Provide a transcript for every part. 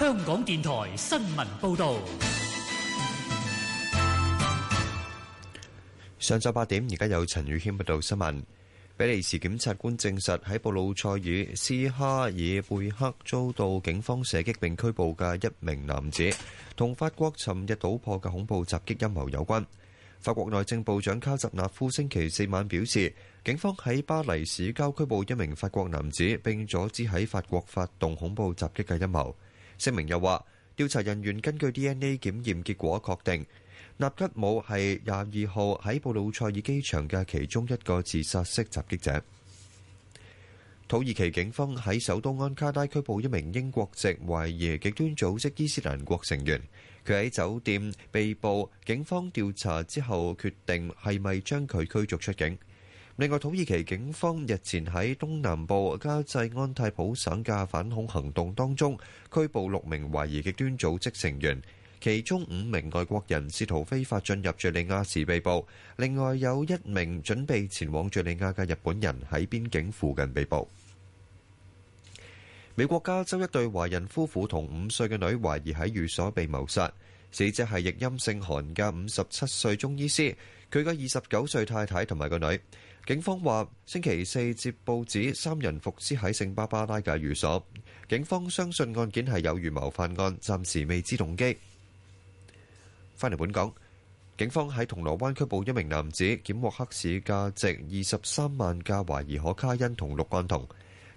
香港電台新聞報道：上晝八點，而家有陳宇謙報道新聞。比利時檢察官證實，喺布魯塞爾斯哈爾貝克遭到警方射擊並拘捕嘅一名男子，同法國尋日搗破嘅恐怖襲擊陰謀有關。法國內政部長卡什納夫星期四晚表示，警方喺巴黎市郊拘捕一名法國男子，並阻止喺法國發動恐怖襲擊嘅陰謀。聲明又話，調查人員根據 DNA 檢驗結果確定納吉姆係廿二號喺布魯塞爾機場嘅其中一個自殺式襲擊者。土耳其警方喺首都安卡拉拘捕一名英國籍懷疑極端組織伊斯蘭國成員，佢喺酒店被捕。警方調查之後，決定係咪將佢驅逐出境。另外，土耳其警方日前喺東南部加濟安泰普省嘅反恐行動當中拘捕六名懷疑極端組織成員，其中五名外國人試圖非法進入敍利亞時被捕。另外有一名準備前往敍利亞嘅日本人喺邊境附近被捕。美國加州一對華人夫婦同五歲嘅女懷疑喺寓所被謀殺，死者係一名姓韓嘅五十七歲中醫師，佢嘅二十九歲太太同埋個女。警方話：星期四接報指三人伏屍喺聖巴巴拉嘅寓所，警方相信案件係有預謀犯案，暫時未知動機。翻嚟本港，警方喺銅鑼灣拘捕一名男子，檢獲黑市價值二十三萬嘅懷疑可卡因同氯胺酮。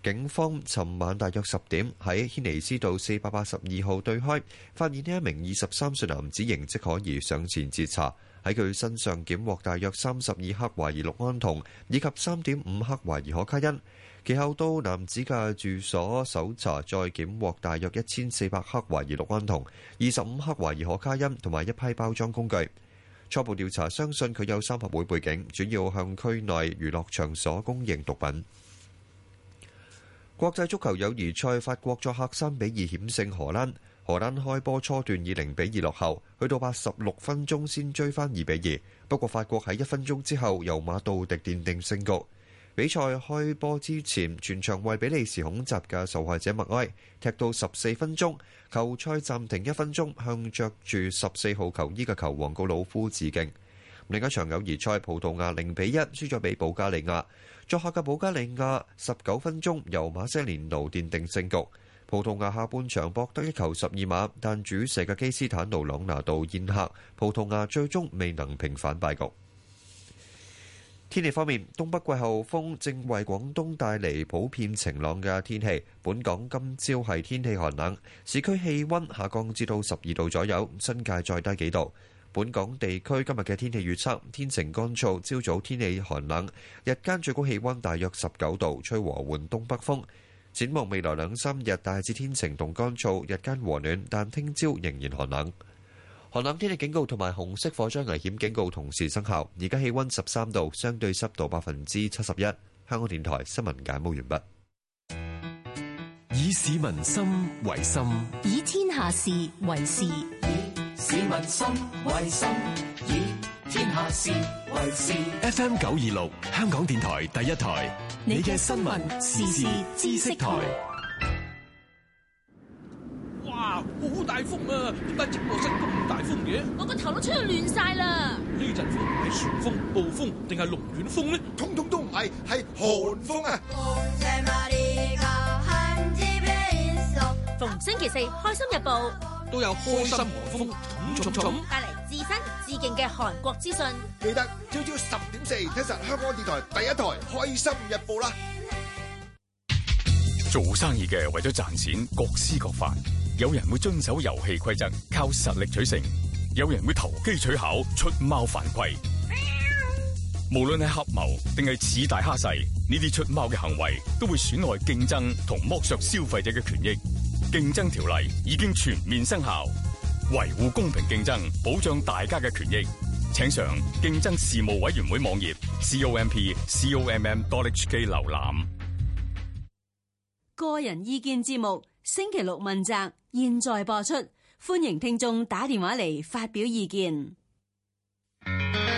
警方尋晚大約十點喺軒尼詩道四百八十二號對開，發現呢一名二十三歲男子，形跡可疑，上前截查。喺佢身上檢獲大約三十二克懷疑氯胺酮，以及三點五克懷疑可卡因。其後到男子嘅住所搜查，再檢獲大約一千四百克懷疑氯胺酮、二十五克懷疑可卡因，同埋一批包裝工具。初步調查相信佢有三合會背景，主要向區內娛樂場所供應毒品。國際足球友誼賽法國作客三比二險勝荷蘭。荷蘭開波初段以零比二落後，去到八十六分鐘先追翻二比二。不過法國喺一分鐘之後由馬杜迪奠定勝局。比賽開波之前，全場為比利時恐襲嘅受害者默哀。踢到十四分鐘，球賽暫停一分鐘，向着住十四號球衣嘅球王告魯夫致敬。另一場友誼賽，葡萄牙零比一輸咗俾保加利亞。作客嘅保加利亞十九分鐘由馬西連奴奠定勝局。葡萄牙下半場博得一球十二碼，但主射嘅基斯坦奴朗拿度宴客，葡萄牙最終未能平反敗局。天氣方面，東北季候風正為廣東帶嚟普遍晴朗嘅天氣。本港今朝係天氣寒冷，市區氣温下降至到十二度左右，新界再低幾度。本港地區今日嘅天氣預測：天晴乾燥，朝早天氣寒冷，日間最高氣温大約十九度，吹和緩東北風。展望未來兩三日，大致天晴同乾燥，日間和暖，但聽朝仍然寒冷。寒冷天氣警告同埋紅色火災危險警告同時生效。而家氣温十三度，相對濕度百分之七十一。香港電台新聞解報完畢。以市民心為心，以天下事為事，以市民心為心。以……」天下事，為事 F M 九二六香港電台第一台，你嘅新聞時事知識台。哇，好大風啊！點解直播室咁大風嘅，啊？我個頭都吹到亂晒啦！呢陣風係旋風、暴風定係龍捲風咧？通通都唔係，係寒風啊！逢星期四開心日報都有開心和風蟲蟲蟲帶嚟最新致敬嘅韓國資訊，記得朝朝十點四聽實香港電台第一台開心日報啦。做生意嘅為咗賺錢，各施各法。有人會遵守遊戲規則，靠實力取勝；有人會投機取巧，出貓犯規。無論係合謀定係恃大蝦細，呢啲出貓嘅行為都會損害競爭同剝削消費者嘅權益。競爭條例已經全面生效。維護公平競爭，保障大家嘅權益，請上競爭事務委員會網頁 c o m p c o m m dot h k 瀏覽。個人意見節目，星期六問責，現在播出，歡迎聽眾打電話嚟發表意見。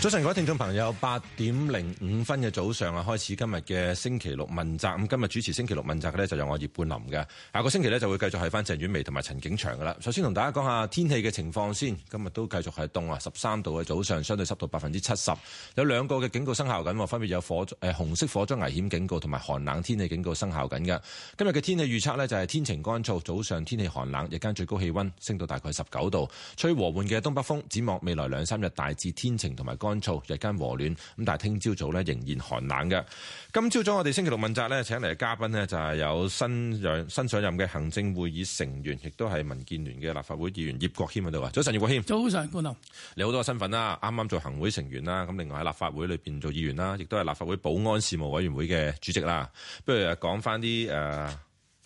早晨，各位聽眾朋友，八點零五分嘅早上啊，開始今日嘅星期六問責，咁今日主持星期六問責嘅咧，就由我葉半林嘅。下個星期咧就會繼續係翻鄭婉薇同埋陳景祥噶啦。首先同大家講下天氣嘅情況先。今日都繼續係凍啊，十三度嘅早上，相對濕度百分之七十。有兩個嘅警告生效緊，分別有火誒、呃、紅色火災危險警告同埋寒冷天氣警告生效緊嘅。今日嘅天氣預測咧就係天晴乾燥，早上天氣寒冷，日間最高氣温升到大概十九度，吹和緩嘅東北風。展望未來兩三日大致天晴同埋乾乾燥，日間和暖，咁但係聽朝早咧仍然寒冷嘅。今朝早我哋星期六問責咧，請嚟嘅嘉賓呢，就係有新上新上任嘅行政會議成員，亦都係民建聯嘅立法會議員葉國謙喺度啊。早晨，葉國謙。早晨，觀眾。你好多身份啦，啱啱做行會成員啦，咁另外喺立法會裏邊做議員啦，亦都係立法會保安事務委員會嘅主席啦。不如講翻啲誒。呃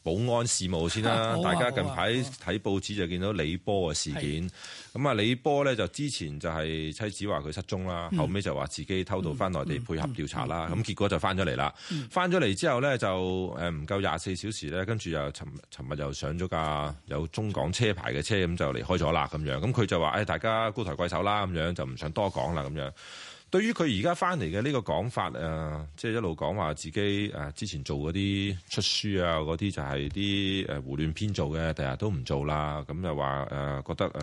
保安事務先啦、啊，大家近排睇報紙就見到李波嘅事件咁啊，啊，啊。李波呢就之前就係妻子話佢失蹤啦，後尾就話自己偷渡翻內地配合調查啦。咁、嗯嗯嗯嗯、結果就翻咗嚟啦，翻咗嚟之後呢，就唔夠廿四小時呢，跟住又尋尋日又上咗架有中港車牌嘅車，咁就離開咗啦。咁樣咁佢就話誒，大家高抬貴手啦，咁樣就唔想多講啦，咁樣。對於佢而家翻嚟嘅呢個講法即係、呃就是、一路講話自己誒、呃，之前做嗰啲出書啊，嗰啲就係啲誒胡亂編造嘅，第日都唔做啦。咁就話誒、呃，覺得誒誒，今、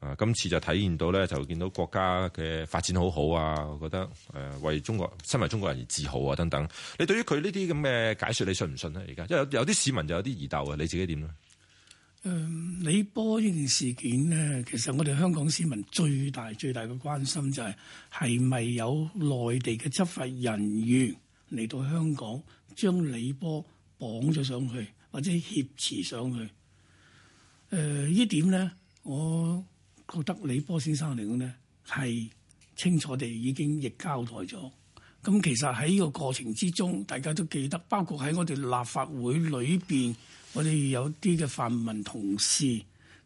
呃呃、次就體現到咧，就見到國家嘅發展好好啊，覺得誒、呃、為中國身為中國人而自豪啊等等。你對於佢呢啲咁嘅解說，你信唔信咧？而家即係有有啲市民就有啲疑竇啊，你自己點咧？誒、呃、李波呢件事件咧，其實我哋香港市民最大最大嘅關心就係係咪有內地嘅執法人員嚟到香港將李波綁咗上去，或者挾持上去？誒、呃、呢點咧，我覺得李波先生嚟講咧係清楚地已經亦交代咗。咁其實喺呢個過程之中，大家都記得，包括喺我哋立法會裏邊。我哋有啲嘅泛民同事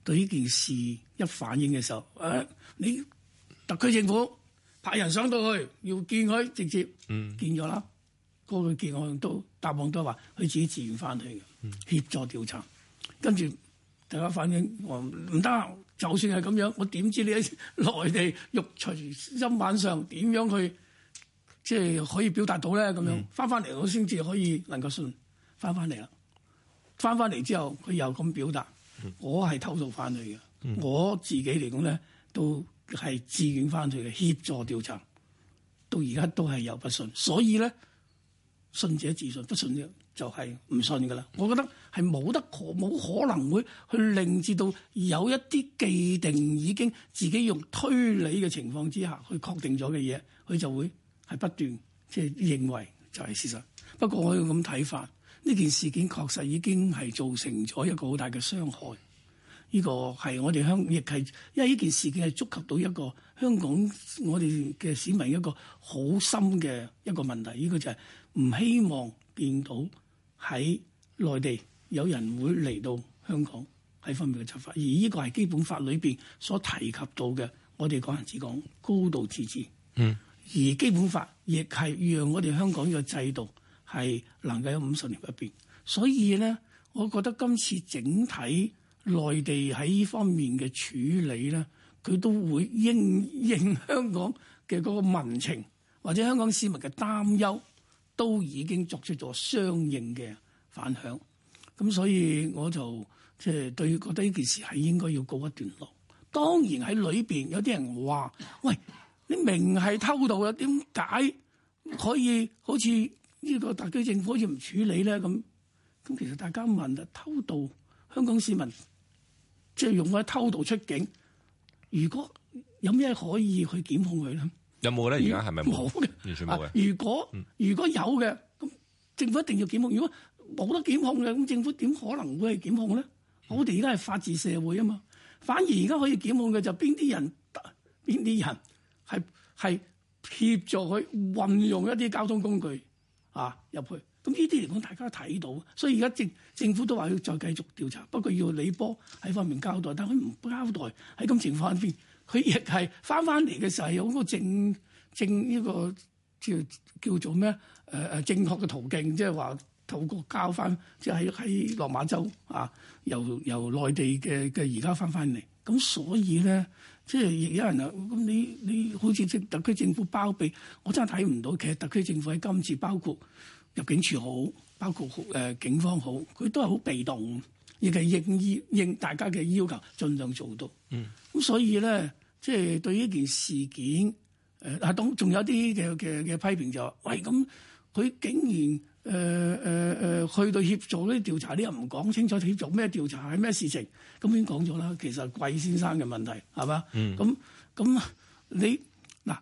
對呢件事一反應嘅時候，誒、哎、你特區政府派人上到去，要見佢直接見咗啦。嗰、嗯，那個見我都答應都話，佢自己自願翻去嘅協、嗯、助調查。跟住大家反應話唔得，就算係咁樣，我點知你喺內地肉隨砧板上點樣去即係、就是、可以表達到咧？咁樣翻翻嚟我先至可以能夠信翻翻嚟啦。回來翻翻嚟之後，佢又咁表達，嗯、我係偷渡翻去嘅、嗯，我自己嚟講咧，都係自願翻去嘅協助調查，到而家都係有不信，所以咧，信者自信，不信就係唔信㗎喇。我覺得係冇得冇可能會去令至到有一啲既定已經自己用推理嘅情況之下，去確定咗嘅嘢，佢就會係不斷即係、就是、認為就係事實。不過我要咁睇法。呢件事件確實已經係造成咗一個好大嘅傷害，呢個係我哋香亦係，因為呢件事件係觸及到一個香港我哋嘅市民一個好深嘅一個問題，呢個就係唔希望見到喺內地有人會嚟到香港喺方面嘅執法，而呢個係基本法裏面所提及到嘅，我哋講人只講高度自治，嗯，而基本法亦係讓我哋香港嘅制度。係能夠五十年不變，所以咧，我覺得今次整體內地喺呢方面嘅處理咧，佢都會應應香港嘅嗰個民情，或者香港市民嘅擔憂，都已經作出咗相應嘅反響。咁所以我就即係對覺得呢件事係應該要告一段落。當然喺裏邊有啲人話：「喂，你明係偷渡呀，點解可以好似？呢個特區政府好似唔處理咧？咁咁，其實大家問啦，偷渡香港市民即係用佢偷渡出境，如果有咩可以去檢控佢咧？有冇咧？而家係咪冇嘅？完全冇嘅、啊。如果如果有嘅咁，政府一定要檢控。如果冇得檢控嘅咁，政府點可能會去檢控咧？我哋而家係法治社會啊嘛，反而而家可以檢控嘅就邊啲人？邊啲人係係協助佢運用一啲交通工具？啊！入去咁呢啲嚟講，這些大家睇到，所以而家政政府都話要再繼續調查，不過要李波喺方面交代，但佢唔交代喺咁情況入邊，佢亦係翻翻嚟嘅時候，有個正正呢個叫叫做咩誒誒正確嘅途徑，即係話透過交翻，即係喺落馬洲啊，由由內地嘅嘅而家翻翻嚟，咁所以咧。即係亦有人啊！咁你你好似即特區政府包庇，我真係睇唔到。其實特區政府喺今次包括入境處好，包括誒、呃、警方好，佢都係好被動，亦係應應大家嘅要求，盡量做到。嗯。咁所以咧，即係對於呢件事件，誒阿董仲有啲嘅嘅嘅批評就話：喂，咁佢竟然！誒誒誒，去到協助呢啲調查，呢又唔講清楚協做咩調查係咩事情，咁已經講咗啦。其實係貴先生嘅問題係嘛？咁咁、嗯、你嗱，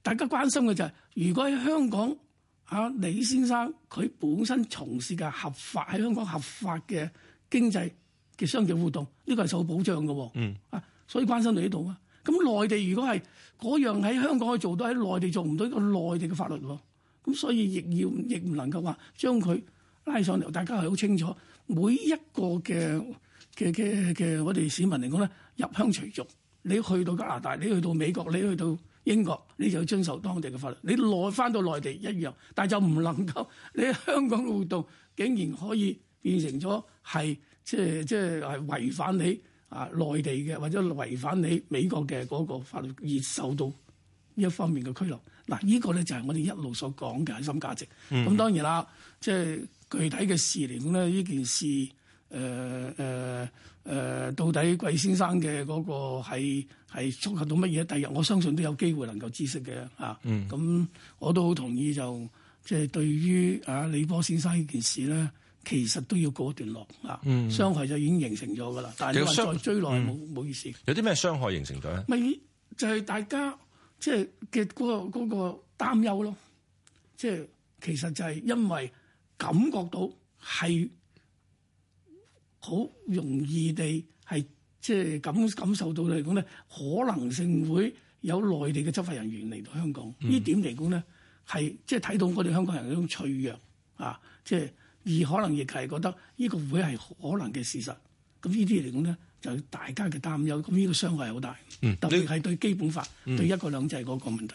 大家關心嘅就係、係、如果喺香港，啊李先生佢本身從事嘅合法喺香港合法嘅經濟嘅商業活動，呢、呢個係受保障嘅喎。啊、嗯，所以關心你呢度啊。咁內地如果係嗰樣喺香港可以做到，喺內地做唔到，呢個內地嘅法律喎。咁所以亦要亦唔能夠話將佢拉上嚟，大家係好清楚每一個嘅嘅嘅嘅，我哋市民嚟講咧，入鄉隨俗。你去到加拿大，你去到美國，你去到英國，你就遵守當地嘅法律。你來翻到內地一樣，但就唔能夠你喺香港嘅活動竟然可以變成咗係即係即係係違反你啊內地嘅，或者違反你美國嘅嗰個法律而受到呢一方面嘅拘留。嗱，呢個咧就係我哋一路所講嘅核心價值。咁、嗯、當然啦，即係具體嘅事嚟講咧，呢件事誒誒誒，到底桂先生嘅嗰個係係觸及到乜嘢？第日我相信都有機會能夠知悉嘅嚇。咁、嗯、我都好同意，就即係對於啊李波先生呢件事咧，其實都要告一段落嚇、嗯，傷害就已經形成咗噶啦。但係你話再追落去，冇、嗯、冇意思。有啲咩傷害形成咗咧？咪就係、是、大家。即係嘅嗰個嗰個擔憂咯，即係其實就係因為感覺到係好容易地係即係感感受到嚟講咧，可能性會有內地嘅執法人員嚟到香港，嗯，呢點嚟講咧，係即係睇到我哋香港人嗰種脆弱啊，即係而可能亦係覺得呢個會係可能嘅事實，咁呢啲嚟講咧。就大家嘅擔憂，咁呢個傷害係好大，嗯，特別係對基本法、嗯、對一國兩制嗰個問題。呢、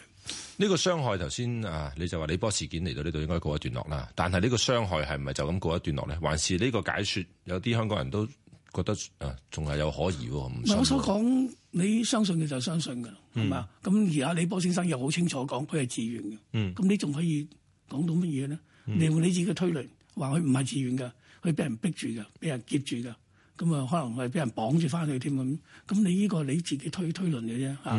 呢個傷害頭先啊，你就話李波事件嚟到呢度應該告一段落啦。但係呢個傷害係唔係就咁告一段落咧？還是呢個解説有啲香港人都覺得啊，仲係有可疑喎，唔想講。我所講，你相信嘅就相信㗎，係咪啊？咁而家李波先生又好清楚講，佢係自願嘅。嗯。咁你仲可以講到乜嘢咧？你用你自己嘅推論話佢唔係自願㗎，佢俾人逼住㗎，俾人劫住㗎。咁啊，可能係俾人綁住翻去添咁，咁你呢個你自己推推論嘅啫嚇。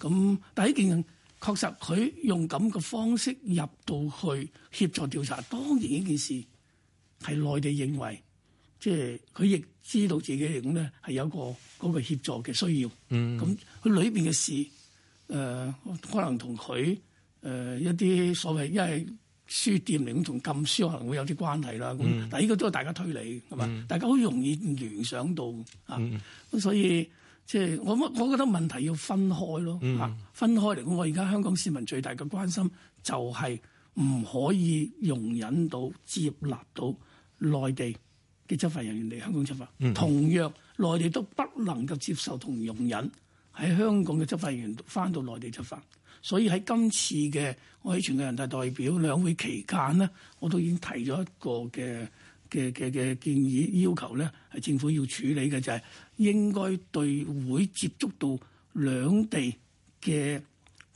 咁、嗯、但係呢件事確實佢用咁嘅方式入到去協助調查，當然呢件事係內地認為，即係佢亦知道自己嚟講咧係有一個嗰個協助嘅需要。咁佢裏邊嘅事，誒、呃、可能同佢誒一啲所謂因為。書店嚟咁同禁書可能會有啲關係啦。咁、嗯，但係呢個都係大家推理，係嘛、嗯？大家好容易聯想到啊，咁、嗯、所以即係、就是、我我覺得問題要分開咯。嚇、嗯，分開嚟講。我而家香港市民最大嘅關心就係唔可以容忍到、接納到內地嘅執法人員嚟香港執法、嗯。同樣，內地都不能夠接受同容忍喺香港嘅執法人員翻到內地執法。所以喺今次嘅我喺全國人大代表兩會期間咧，我都已經提咗一個嘅嘅嘅嘅建議要求咧，係政府要處理嘅，就係、是、應該對會接觸到兩地嘅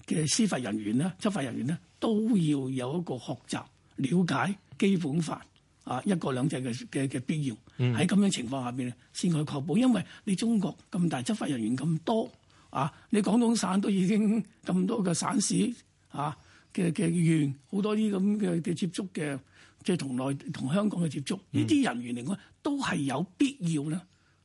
嘅司法人員啦，執法人員咧，都要有一個學習，了解基本法啊，一國兩制嘅嘅嘅必要。喺咁樣情況下邊咧，先去確保，因為你中國咁大，執法人員咁多。啊！你廣東省都已經咁多嘅省市啊嘅嘅縣，好多啲咁嘅嘅接觸嘅，即係同內同香港嘅接觸，呢、嗯、啲人員嚟講都係有必要咧，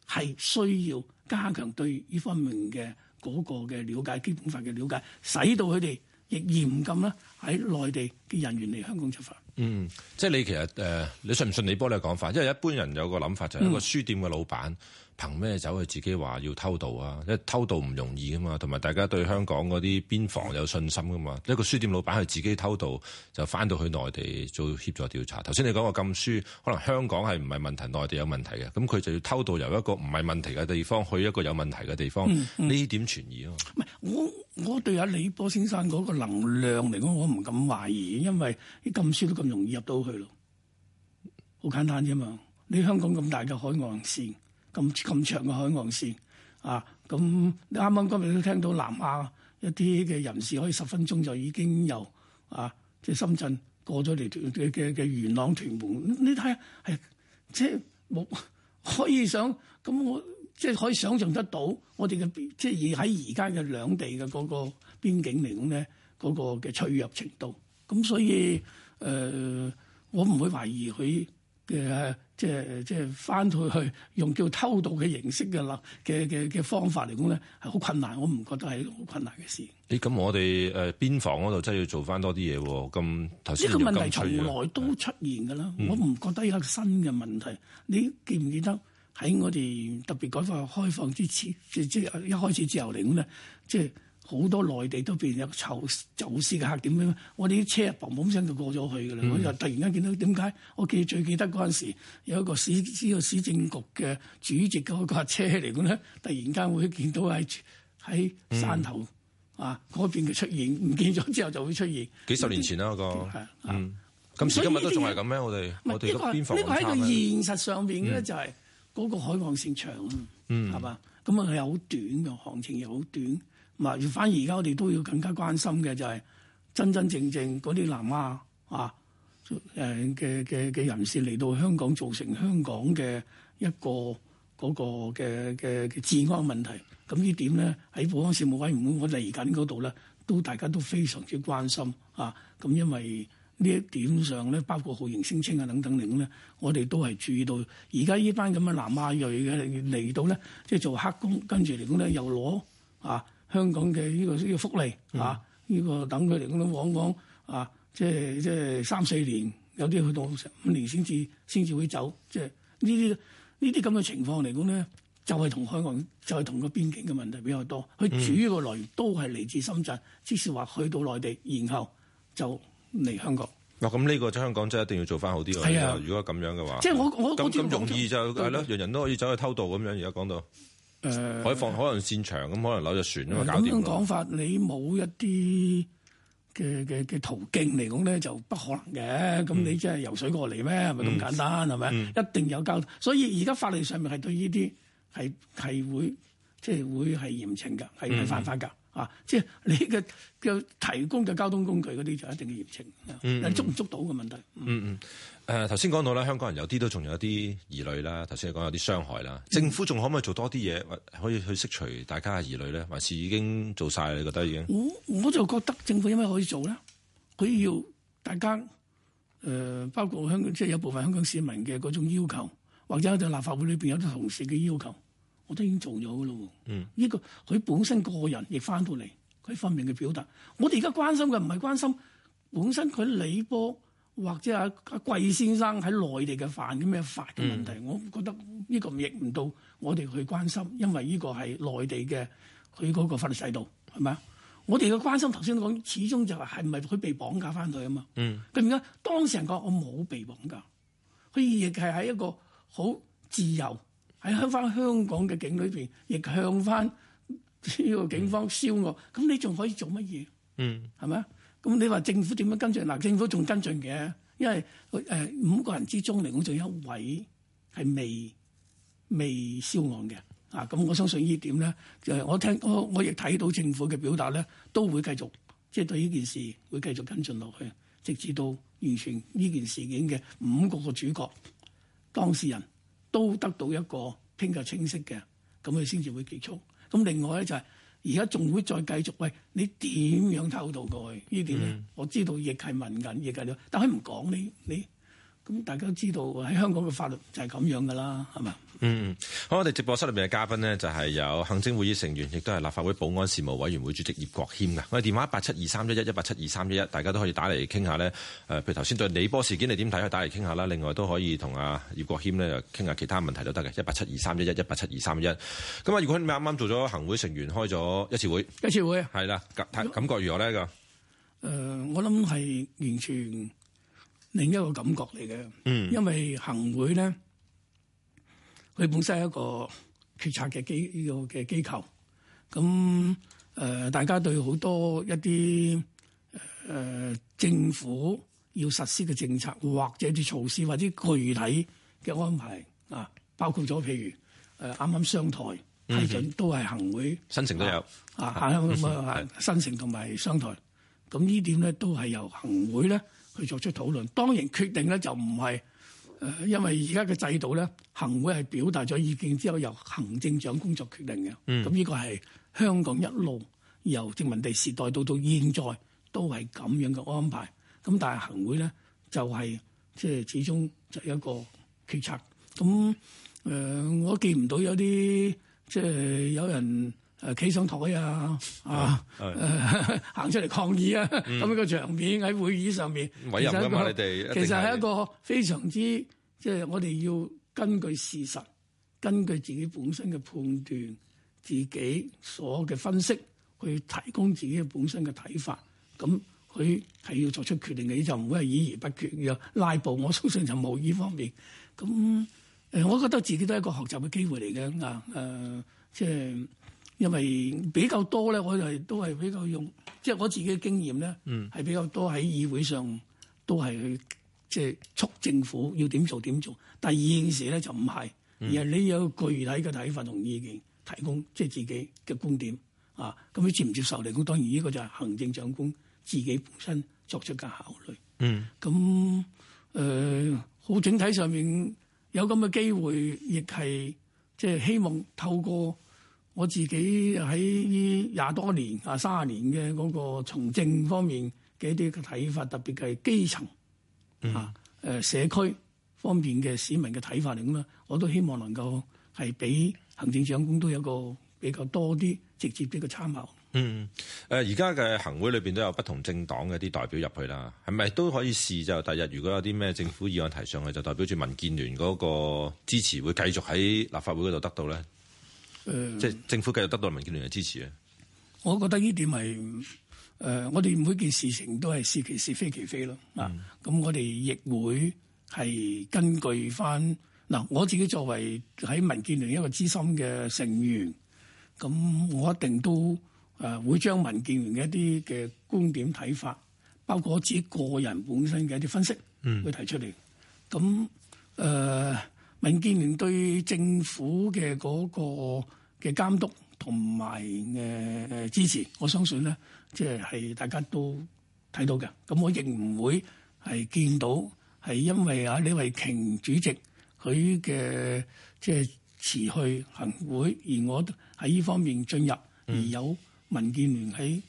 係需要加強對呢方面嘅嗰個嘅了解，基本法嘅了解，使到佢哋亦嚴禁啦喺內地嘅人員嚟香港出發。嗯，即係你其實誒、呃，你信唔信李波你個講法？因為一般人有個諗法就係、是、一個書店嘅老闆。嗯憑咩走去自己話要偷渡啊？因為偷渡唔容易噶嘛，同埋大家對香港嗰啲邊防有信心噶嘛。一個書店老闆去自己偷渡就翻到去內地做協助調查。頭先你講個禁書，可能香港係唔係問題，內地有問題嘅咁，佢就要偷渡由一個唔係問題嘅地方去一個有問題嘅地方，呢、嗯、點、嗯、存疑咯？唔係我我對阿李波先生嗰個能量嚟講，我唔敢懷疑，因為啲禁書都咁容易入到去咯，好簡單啫嘛。你香港咁大嘅海岸線。咁咁長嘅海岸線啊！咁啱啱今日都聽到南亞一啲嘅人士，可以十分鐘就已經由啊，即係深圳過咗嚟嘅嘅元朗屯門。你睇下係即係冇可以想，咁我即係可以想像得到我哋嘅，即係喺而家嘅兩地嘅嗰個邊境嚟講咧，嗰個嘅脆弱程度。咁所以，呃，我唔會懷疑佢。嘅即係即係翻去去用叫偷渡嘅形式嘅流嘅嘅嘅方法嚟講咧，係好困難，我唔覺得係好困難嘅事。你、欸、咁我哋誒邊防嗰度真係要做翻多啲嘢喎。咁頭先呢個問題從來都出現㗎啦，我唔覺得係新嘅問題。嗯、你記唔記得喺我哋特別改革開放之前，即即係一開始之後嚟咧，即、就、係、是。好多內地都變成有炒走私嘅客點樣？我哋啲車就砰砰聲就過咗去㗎啦、嗯。我就突然間見到點解？我記得我最記得嗰陣時有一個市，個市政局嘅主席嗰架車嚟嘅咧。突然間會見到喺喺山頭、嗯、啊嗰邊嘅出現，唔見咗之後就會出現幾十年前啦、啊嗰個係。嗯，咁、嗯、所以今日都仲係咁咩？我哋呢、這個呢、這個喺一個現實上邊咧、嗯，就係、是、嗰個海岸線長係嘛？咁啊佢又好短嘅行程又好短。航程也很短嗱，反而而家我哋都要更加關心嘅就係真真正正嗰啲南亞啊，誒嘅嘅嘅人士嚟到香港造成香港嘅一個嗰個嘅嘅治安問題。咁呢點咧喺保安事務委員會我嚟緊嗰度咧，都大家都非常之關心啊！咁因為呢一點上咧，包括酷刑聲稱啊等等嚟咧，我哋都係注意到而家呢班咁嘅南亞裔嘅嚟到咧，即係做黑工，跟住嚟講咧又攞啊～香港嘅呢個呢個福利、嗯、啊，呢、這個等佢嚟講往往啊，即係即係三四年，有啲去到五年先至先至會走，即係呢啲呢啲咁嘅情況嚟講咧，就係、是、同香港就係同個邊境嘅問題比較多，佢主要嘅來源都係嚟自深圳，嗯、即使話去到內地，然後就嚟香港。哇、哦！咁呢、這個喺香港真係一定要做翻好啲㗎。啊、如果咁樣嘅話，即係我我覺得咁容易就係咯，人人都可以走去偷渡咁樣。而家講到。誒、呃，海防，可能線長咁，可能扭隻船啊嘛，搞掂。咁樣講法，你冇一啲嘅嘅嘅途徑嚟講咧，就不可能嘅。咁你即係游水過嚟咩？係咪咁簡單？係、嗯、咪、嗯？一定有交。所以而家法律上面係對呢啲係係會即係、就是、會係嚴懲噶，係咪犯法噶？嗯嗯啊、即係你嘅要提供嘅交通工具嗰啲，就一定嚴懲，嗯，嗯。你捉唔捉到嘅問題。嗯嗯，嗯。誒頭先講到啦，香港人有啲都仲有啲疑慮啦。頭先講有啲傷害啦，政府仲可唔可以做多啲嘢，可以去釋除大家嘅疑慮咧？還是已經做晒？你覺得已經？我我就覺得政府有咩可以做咧？佢要大家誒、呃，包括香港，即、就、係、是、有部分香港市民嘅嗰種要求，或者喺立法會裏邊有啲同事嘅要求。我都已經做咗嘅咯喎，呢、嗯這個佢本身個人亦翻到嚟，佢分明嘅表達。我哋而家關心嘅唔係關心本身佢李波或者阿阿桂先生喺內地嘅犯啲咩法嘅問題，嗯。我覺得呢個亦唔到我哋去關心，因為呢個係內地嘅佢嗰個法律制度係咪啊？我哋嘅關心頭先講，始終就係係唔係佢被綁架翻去啊嘛。咁然家當事人講我冇被綁架，佢亦係喺一個好自由。喺翻香港嘅警裏邊亦向翻呢個警方銷案，咁你仲可以做乜嘢？嗯，係咪啊？咁你話政府點樣跟進？嗱，政府仲跟進嘅，因為誒、呃、五個人之中，嚟講仲有一位係未未銷案嘅。啊，咁我相信這點呢點咧，就係、是、我聽，我我亦睇到政府嘅表達咧，都會繼續，即、就、係、是、對呢件事會繼續跟進落去，直至到完全呢件事件嘅五個個主角當事人。都得到一個比較清晰嘅，咁佢先至會結束。咁另外咧，就係而家仲會再繼續，喂你點樣偷渡過去呢啲咧？我知道亦係問緊，亦緊要，但佢唔講你你，咁大家都知道喺香港嘅法律就係咁樣噶啦，係嘛？嗯，好，我哋直播室裏面嘅嘉賓呢，就係有行政會議成員，亦都係立法會保安事務委員會主席葉國謙噶我哋電話一八七二三一一一八七二三一一，大家都可以打嚟傾下咧誒，譬如頭先對李波事件你點睇？可以打嚟傾下啦。另外都可以同阿葉國謙咧傾下其他問題都得嘅。一八七二三一一一八七二三一。咁啊，如果你啱啱做咗行會成員，開咗一次會，一次會係、啊、啦，感感覺如何呢？個、呃、誒，我諗係完全另一個感覺嚟嘅。嗯，因為行會咧。佢本身係一個決策嘅機呢個嘅機構，咁誒、呃，大家對好多一啲誒、呃、政府要實施嘅政策，或者啲措施，或者具體嘅安排啊，包括咗譬如誒啱啱商台批准、嗯、都係行會，新城都有啊，啊，啊，新城同埋商台，咁呢點咧都係由行會咧去作出討論。當然決定咧就唔係。誒，因為而家嘅制度咧，行會係表達咗意見之後，由行政長官作決定嘅。咁呢個係香港一路由殖民地時代到到現在都係咁樣嘅安排。咁但係行會咧就係即係始終就有一個決策。咁誒，我都見唔到有啲即係有人。誒、呃、企上台啊！啊，呃、行出嚟抗議啊！咁、嗯、呢個場面喺會議上面委任嘅嘛，其實係一,一,一個非常之即係、就是、我哋要根據事實，根據自己本身嘅判斷，自己所嘅分析去提供自己本身嘅睇法。咁佢係要作出決定嘅，你就唔會係議而不決，要拉布。我相信就冇呢方面。咁誒、呃，我覺得自己都係一個學習嘅機會嚟嘅。嗱、呃、誒，即係。因為比較多咧，我哋都係比較用，即係我自己嘅經驗咧，係比較多喺議會上、嗯、都係去即係促政府要點做點做。第二件事咧就唔係，而係你有具體嘅睇法同意見，提供即係自己嘅觀點啊。咁你接唔接受嚟？我當然呢個就係行政長官自己本身作出嘅考慮。嗯。咁誒，好、呃、整體上面有咁嘅機會亦係即係希望透過。我自己喺廿多年啊三十年嘅嗰個從政方面嘅一啲嘅睇法，特別係基層、嗯、啊社區方面嘅市民嘅睇法嚟咁啦，我都希望能夠係俾行政長官都有一個比較多啲直接嘅參考。嗯誒，而家嘅行會裏邊都有不同政黨嘅啲代表入去啦，係咪都可以試？就第日如果有啲咩政府議案提上去，就代表住民建聯嗰個支持會繼續喺立法會嗰度得到咧？嗯、即係政府繼續得到民建聯嘅支持啊！我覺得呢點係誒、呃，我哋每件事情都係是，是其是非其非咯、嗯啊。啊，咁我哋亦會係根據翻嗱，我自己作為喺民建聯一個資深嘅成員，咁我一定都誒、呃、會將民建聯嘅一啲嘅觀點睇法，包括我自己個人本身嘅一啲分析，嗯，會提出嚟。咁誒。呃民建聯對政府嘅嗰個嘅監督同埋誒支持，我相信咧，即係大家都睇到嘅。咁我亦唔會係見到係因為啊，李慧瓊主席佢嘅即係辭去行會，而我喺呢方面進入而有民建聯喺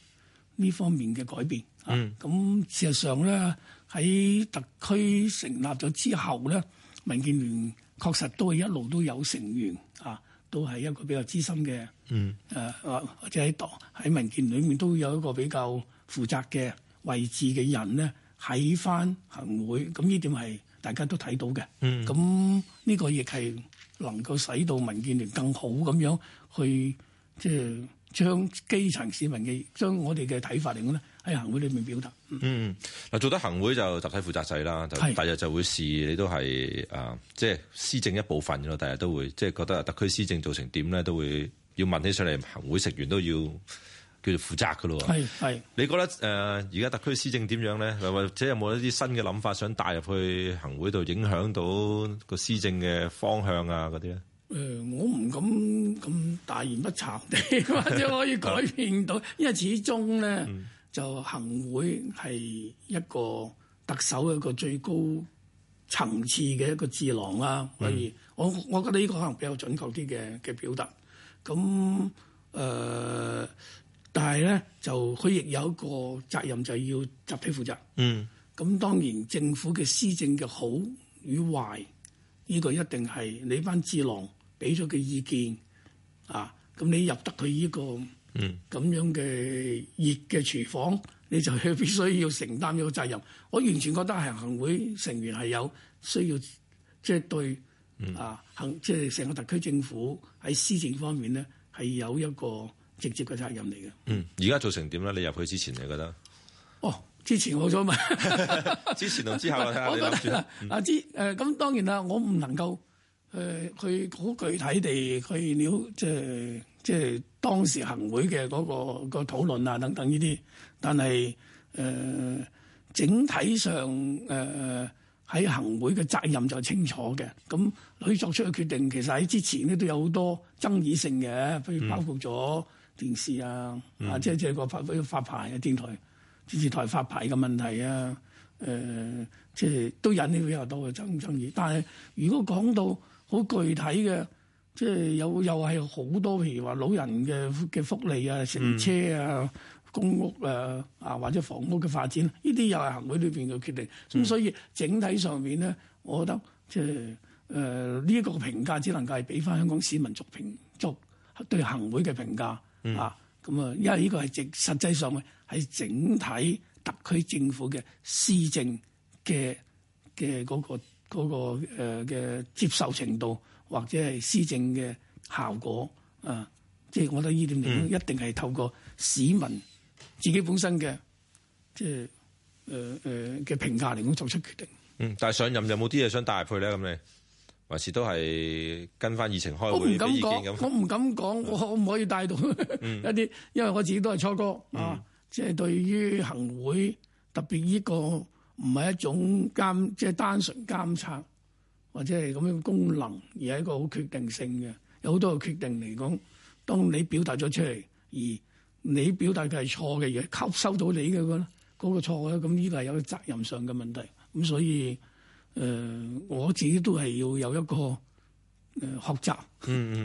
呢方面嘅改變。咁、嗯、事實上咧，喺特區成立咗之後咧，民建聯。確實都係一路都有成員啊，都係一個比較資深嘅誒、mm. 呃，或者喺黨喺民建裏面都有一個比較負責嘅位置嘅人咧，喺返行會，咁呢點係大家都睇到嘅。咁、mm. 呢個亦係能夠使到民建聯更好咁樣去即係、就是、將基層市民嘅將我哋嘅睇法嚟講咧。在行會裏面表達，嗯，嗱、嗯，做得行會就集體負責制啦，就第日就會試，你都係啊，即、呃、係、就是、施政一部分咯，第日都會即係、就是、覺得特區施政做成點咧，都會要問起上嚟行會成員都要叫做負責噶咯，係係，你覺得誒而家特區施政點樣咧，或者有冇一啲新嘅諗法想帶入去行會度影響到個施政嘅方向啊嗰啲咧？誒、呃，我唔敢咁大言不慚或者可以改變到， 因為始終咧。嗯就行會係一個特首一個最高層次嘅一個智囊啦、啊，可、嗯、以，我我覺得呢個可能比較準確啲嘅嘅表達。咁誒、呃，但係咧就佢亦有一個責任，就係要集體負責。嗯，咁當然政府嘅施政嘅好與壞，呢、呢個一定係你班智囊俾咗嘅意見啊。咁你入得佢呢、呢個？咁、嗯、樣嘅熱嘅廚房，你就係必須要承擔呢個責任。我完全覺得係行會成員係有需要，即、就、係、是、對、嗯、啊行，即係成個特區政府喺施政方面咧，係有一個直接嘅責任嚟嘅。嗯，而家做成點咧？你入去之前，你覺得？哦，之前我咗嘛？ 之前同之後啊， 看你我諗得你。啊，之誒咁當然啦，我唔能夠誒去好具體地去了，即係即係。即當時行會嘅嗰、那個、那個討論啊，等等呢啲，但係誒、呃、整體上誒喺、呃、行會嘅責任就清楚嘅。咁佢作出嘅決定，其實喺之前咧都有好多爭議性嘅，譬如包括咗電視啊，啊即係即係個發發牌嘅電台、電視台發牌嘅問題啊，誒即係都引起比較多嘅爭爭議。但係如果講到好具體嘅，即係有又係好多，譬如話老人嘅嘅福利啊、乘車啊、嗯、公屋啊啊或者房屋嘅發展，呢啲又係行會裏邊嘅決定。咁、嗯、所以整體上面咧，我覺得即係誒呢一個評價只能夠係俾翻香港市民族評足對行會嘅評價啊。咁、嗯、啊，因為呢個係直實際上嘅係整體特區政府嘅施政嘅嘅嗰個嗰、嗰個誒嘅、嗰個呃、接受程度。或者係施政嘅效果啊，即係我覺得呢點嚟講、嗯、一定係透過市民自己本身嘅即係誒誒嘅評價嚟講做出決定。嗯，但係上任有冇啲嘢想帶入去咧？咁你還是都係跟翻議程開會俾意見咁。我唔敢講，我可唔、嗯、可以帶到一啲、嗯？因為我自己都係初哥、嗯、啊，即係對於行會特別呢個唔係一種監，即係單純監察。或者係咁樣功能，而係一個好決定性嘅，有好多個決定嚟講。當你表達咗出嚟，而你表達嘅係錯嘅，嘢，吸收到你嘅嗰、那個錯嘅，咁呢個係有責任上嘅問題。咁所以，誒、呃、我自己都係要有一個誒、呃、學習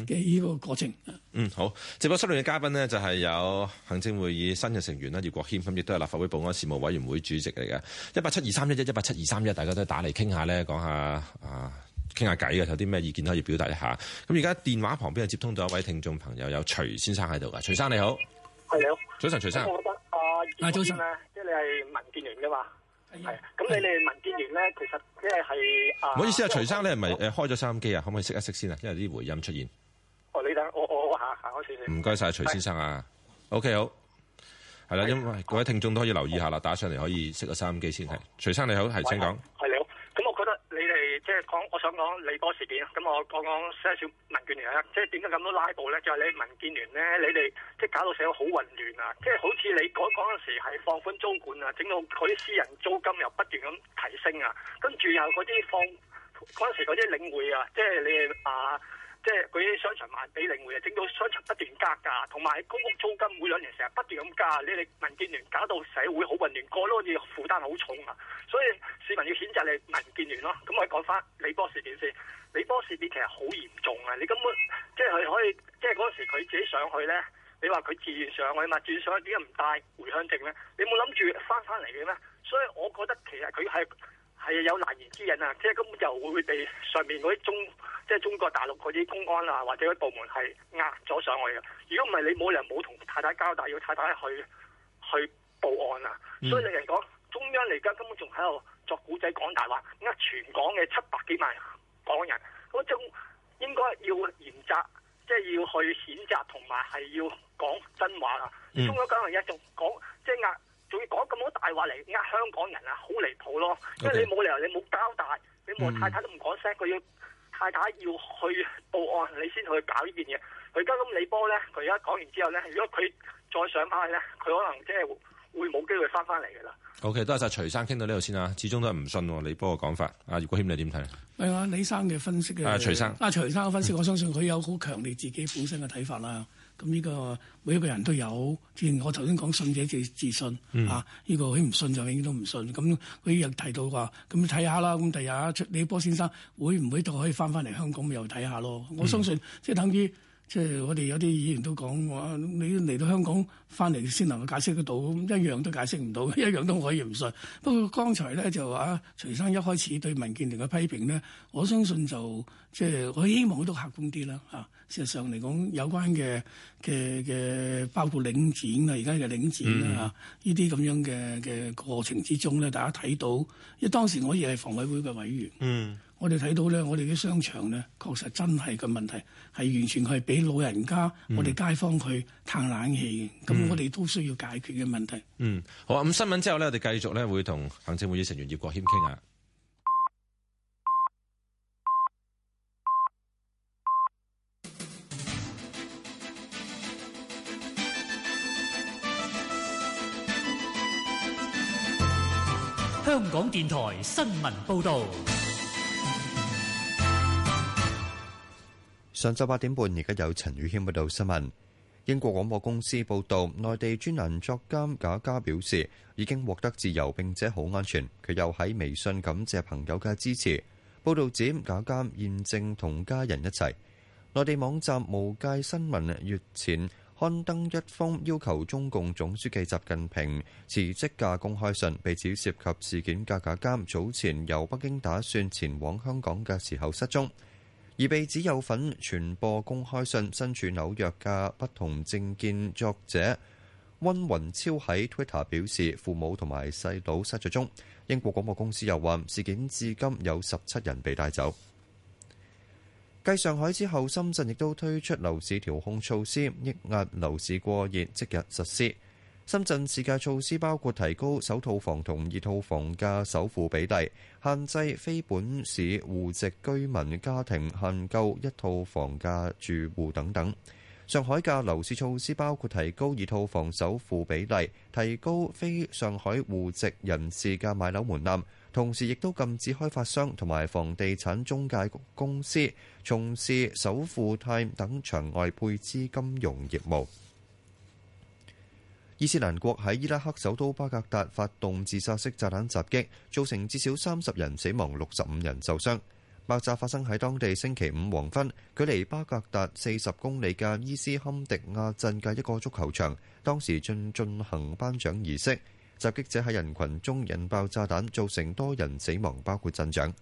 嘅呢個過程。嗯，嗯嗯好，直播室裏嘅嘉賓呢，就係有行政會議新嘅成員啦，葉國謙，咁亦都係立法會保安事務委員會主席嚟嘅。一八七二三一一一八七二三一，大家都打嚟傾下咧，講下啊～傾下偈嘅，有啲咩意見可以表達一下？咁而家電話旁邊接通到一位聽眾朋友，有徐先生喺度噶。徐先生你好，係你好，早晨徐生。阿二先即係你係民建聯嘅嘛？係、哎。咁你哋民建聯咧，其實即係，係唔好意思啊，徐先生你係咪誒，開咗收音機啊，可唔可以熄一熄先啊？因為啲回音出現。哦，你等我我下下我唔該晒徐先生啊。OK，好，係啦，因各位聽眾都可以留意下啦，打上嚟可以熄個收音機先係。徐生你好，係，請講。即、就、係、是、講，我想講李波事件，咁我講講些少民建聯啊。即係點解咁多拉布咧？就係、是、你民建聯咧，你哋即係搞到成個好混亂啊。即、就、係、是、好似你嗰嗰陣時係放寬租管啊，整到佢啲私人租金又不斷咁提升後、就是、啊。跟住又嗰啲放嗰陣時嗰啲領會啊，即係你啊。即係嗰啲商場賣俾領匯啊，整到商場不斷加價，同埋公屋租金每兩年成日不斷咁加，你哋民建聯搞到社會好混亂，個個好似負擔好重啊！所以市民要譴責你民建聯咯。咁我哋講翻李波事件先，李波事件其實好嚴重啊！你根本即係佢可以即係嗰時佢自己上去咧，你話佢自願上去嘛？轉上去點解唔帶回鄉證咧？你冇諗住翻翻嚟嘅咩？所以我覺得其實佢係。係啊，有難言之隱啊，即係根本就會被上面嗰啲中，即係中國大陸嗰啲公安啊或者嗰啲部門係壓咗上去嘅。如果唔係你冇理由冇同太太交代，要太太去去報案啊。Mm. 所以你人講，中央嚟緊根本仲喺度作古仔講大話，壓全港嘅七百幾萬港人，嗰種應該要嚴責，即係要去譴責同埋係要講真話啊。中央講嘅嘢仲講即係壓。就是仲要講咁多大話嚟呃香港人啊，好離譜咯！因為你冇理由，你冇交代，你冇太太都唔講聲，佢、嗯、要太太要去報案，你先去搞呢件嘢。佢而家咁李波咧，佢而家講完之後咧，如果佢再上翻去咧，佢可能即係會冇機會翻翻嚟噶啦。OK，多謝晒徐生傾到呢度先啦。始終都係唔信李波嘅講法。阿葉國謙，你點睇？係啊，你李生嘅分析嘅。啊，徐生。啊，徐生嘅分析， 我相信佢有好強烈自己本身嘅睇法啦。咁呢個每一個人都有，自然我頭先講信者自自信吓，呢、嗯啊呢個佢唔信就永遠都唔信。咁佢又提到話，咁睇下啦，咁第日李波先生會唔會都可以返返嚟香港又睇下咯？我相信、嗯、即係等於。即係我哋有啲議員都講話，你嚟到香港翻嚟先能夠解釋得到，咁一樣都解釋唔到，一樣都可以唔信。不過剛才咧就話，徐生一開始對民建聯嘅批評咧，我相信就即係我希望都客觀啲啦。嚇，事實上嚟講，有關嘅嘅嘅包括領展，領展、嗯、啊，而家嘅領展啊，呢啲咁樣嘅嘅過程之中咧，大家睇到，因為當時我亦係房委會嘅委員。嗯我哋睇到咧，我哋嘅商場咧，確實真係個問題，係完全係俾老人家、嗯、我哋街坊去嘆冷氣嘅，咁、嗯、我哋都需要解決嘅問題。嗯，好啊，咁新聞之後咧，我哋繼續咧會同行政會議成員葉國謙傾下。香港電台新聞報導。上晝八點半，而家有陳宇軒報道新聞。英國廣播公司報道，內地專欄作家賈嘉表示已經獲得自由並且好安全。佢又喺微信感謝朋友嘅支持。報道指賈嘉現正同家人一齊。內地網站無界新聞月前刊登一封要求中共總書記習近平辭職嘅公開信，被指涉及事件嘅賈嘉早前由北京打算前往香港嘅時候失蹤。而被指有份傳播公開信，身處紐約嘅不同政見作者温雲超喺 Twitter 表示，父母同埋細佬失咗蹤。英國廣播公司又話，事件至今有十七人被帶走。繼上海之後，深圳亦都推出樓市調控措施，抑壓樓市過熱，即日實施。深圳市嘅措施包括提高首套房同二套房嘅首付比例，限制非本市戶籍居民家庭限購一套房價住戶等等。上海嘅樓市措施包括提高二套房首付比例，提高非上海戶籍人士嘅買樓門檻，同時亦都禁止開發商同埋房地產中介公司從事首付貸等場外配資金融業務。伊斯蘭國喺伊拉克首都巴格達發動自殺式炸彈襲擊，造成至少三十人死亡，六十五人受傷。爆炸發生喺當地星期五黃昏，距離巴格達四十公里嘅伊斯堪迪亞鎮嘅一個足球場，當時正進行頒獎儀式。襲擊者喺人群中引爆炸彈，造成多人死亡，包括鎮長。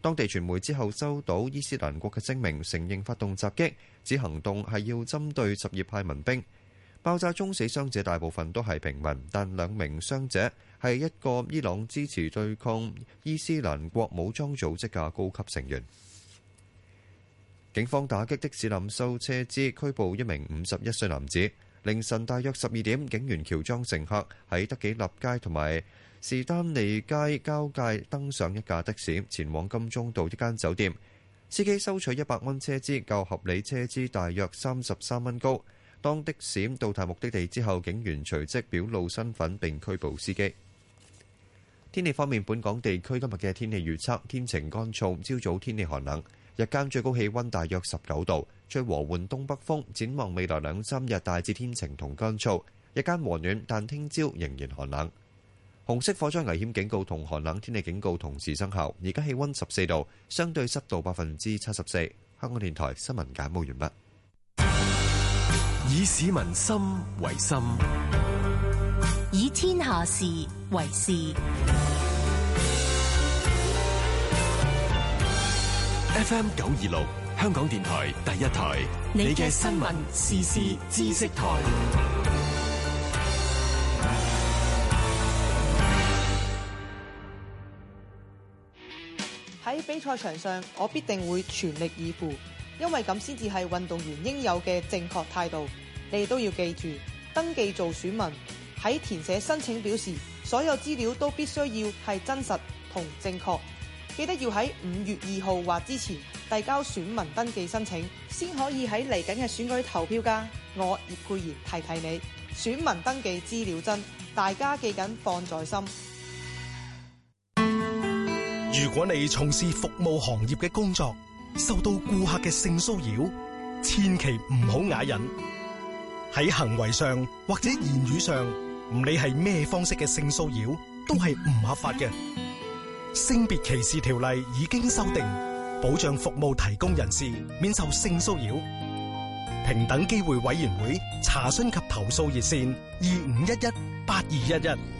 當地傳媒之後收到伊斯蘭國嘅聲明，承認發動襲擊，指行動係要針對什葉派民兵。爆炸中死傷者大部分都係平民，但兩名傷者係一個伊朗支持對抗伊斯蘭國武裝組織嘅高級成員。警方打擊的士濫收車資，拘捕一名五十一歲男子。凌晨大約十二點，警員喬裝乘客喺德己立街同埋士丹利街交界登上一架的士，前往金鐘道一間酒店。司機收取一百蚊車資，較合理車資大約三十三蚊高。當的士到達目的地之後，警員隨即表露身份，並拘捕司機。天氣方面，本港地區今日嘅天氣預測天晴乾燥，朝早天氣寒冷，日間最高氣溫大約十九度，吹和緩東北風。展望未來兩三日，大致天晴同乾燥，日間和暖,暖，但聽朝仍然寒冷。紅色火災危險警告同寒冷天氣警告同時生效，而家氣溫十四度，相對濕度百分之七十四。香港電台新聞簡報完畢。以市民心為心，以天下事為事。FM 九二六，香港電台第一台，你嘅新聞、時事、知識台。喺比賽場上，我必定會全力以赴。因為咁先至係運動員應有嘅正確態度，你哋都要記住。登記做選民喺填寫申請表時，所有資料都必須要係真實同正確。記得要喺五月二號或之前遞交選民登記申請，先可以喺嚟緊嘅選舉投票。家我葉佩儀提提你，選民登記資料真，大家記緊放在心。如果你從事服務行業嘅工作，受到顧客嘅性騷擾，千祈唔好啞忍。喺行為上或者言語上，唔理係咩方式嘅性騷擾，都係唔合法嘅。性別歧視條例已經修訂，保障服務提供人士免受性騷擾。平等機會委員會查詢及投訴熱線：二五一一八二一一。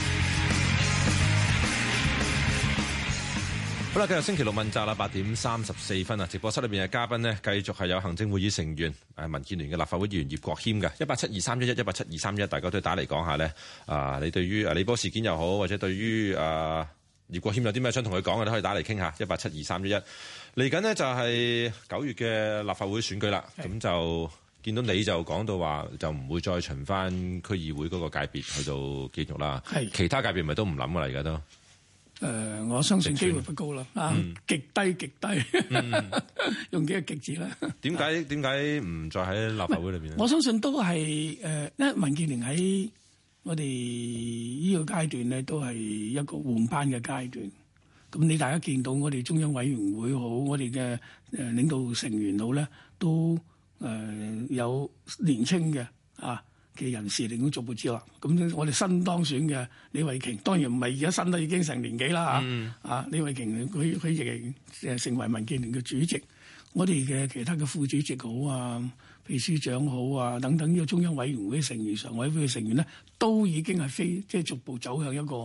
好啦，繼續星期六問責啦，八點三十四分啊！直播室裏邊嘅嘉賓呢，繼續係有行政會議成員、誒民建聯嘅立法會議員葉國謙噶，一八七二三一一，一八七二三一，大家都打嚟講下咧。啊、呃，你對於啊李波事件又好，或者對於啊、呃、葉國謙有啲咩想同佢講嘅，都可以打嚟傾下，一八七二三一一。嚟緊呢就係、是、九月嘅立法會選舉啦，咁就見到你就講到話，就唔會再循翻區議會嗰個界別去到繼續啦。係，其他界別咪都唔諗噶啦，而家都。誒、呃，我相信機會不高啦，啊，極低極低，嗯、 用幾個極字啦？點解點解唔再喺立法會裏邊咧？我相信都係誒，因、呃、民建聯喺我哋呢個階段咧，都係一個換班嘅階段。咁你大家見到我哋中央委員會好，我哋嘅誒領導成員好咧，都誒、呃、有年青嘅啊。嘅人士嚟講，逐步知啦。咁我哋新當選嘅李慧瓊，當然唔係而家新都已經成年紀啦嚇。啊，李慧瓊佢佢亦誒成為民建聯嘅主席。我哋嘅其他嘅副主席好啊，秘書長好啊，等等呢個中央委員會成員常委會嘅成員咧，都已經係非即係、就是、逐步走向一個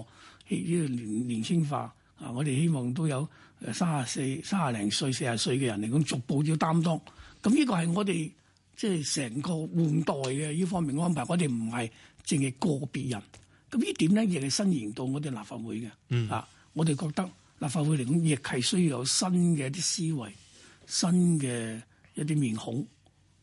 呢個年年輕化。啊，我哋希望都有三十四、三廿零歲、四十歲嘅人嚟咁逐步要擔當。咁呢個係我哋。即係成個換代嘅呢方面安排，我哋唔係淨係個別人咁。這點呢點咧亦係伸延到我哋立法會嘅、嗯、啊。我哋覺得立法會嚟講，亦係需要有新嘅一啲思維、新嘅一啲面孔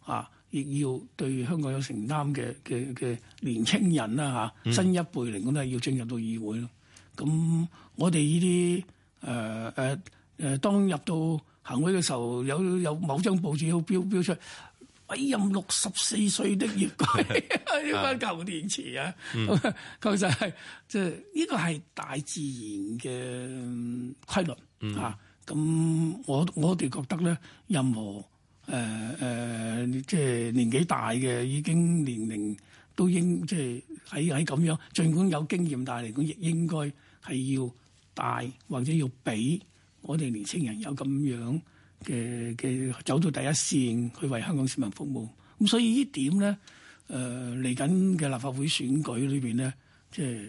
啊，亦要對香港有承擔嘅嘅嘅年青人啦嚇、啊嗯，新一輩嚟講都係要進入到議會咯。咁我哋呢啲誒誒誒，當入到行會嘅時候，有有某張報紙要標標出去。委任六十四歲的葉國謙呢班舊電池啊！咁確實係即係呢個係大自然嘅規律啊、嗯！咁我我哋覺得咧，任何誒誒、呃呃，即係年紀大嘅已經年齡都應即係喺喺咁樣，儘管有經驗，但係嚟講亦應該係要帶或者要俾我哋年青人有咁樣。嘅嘅走到第一線去為香港市民服務，咁所以呢點呢點咧，誒嚟緊嘅立法會選舉裏邊咧，即、就、係、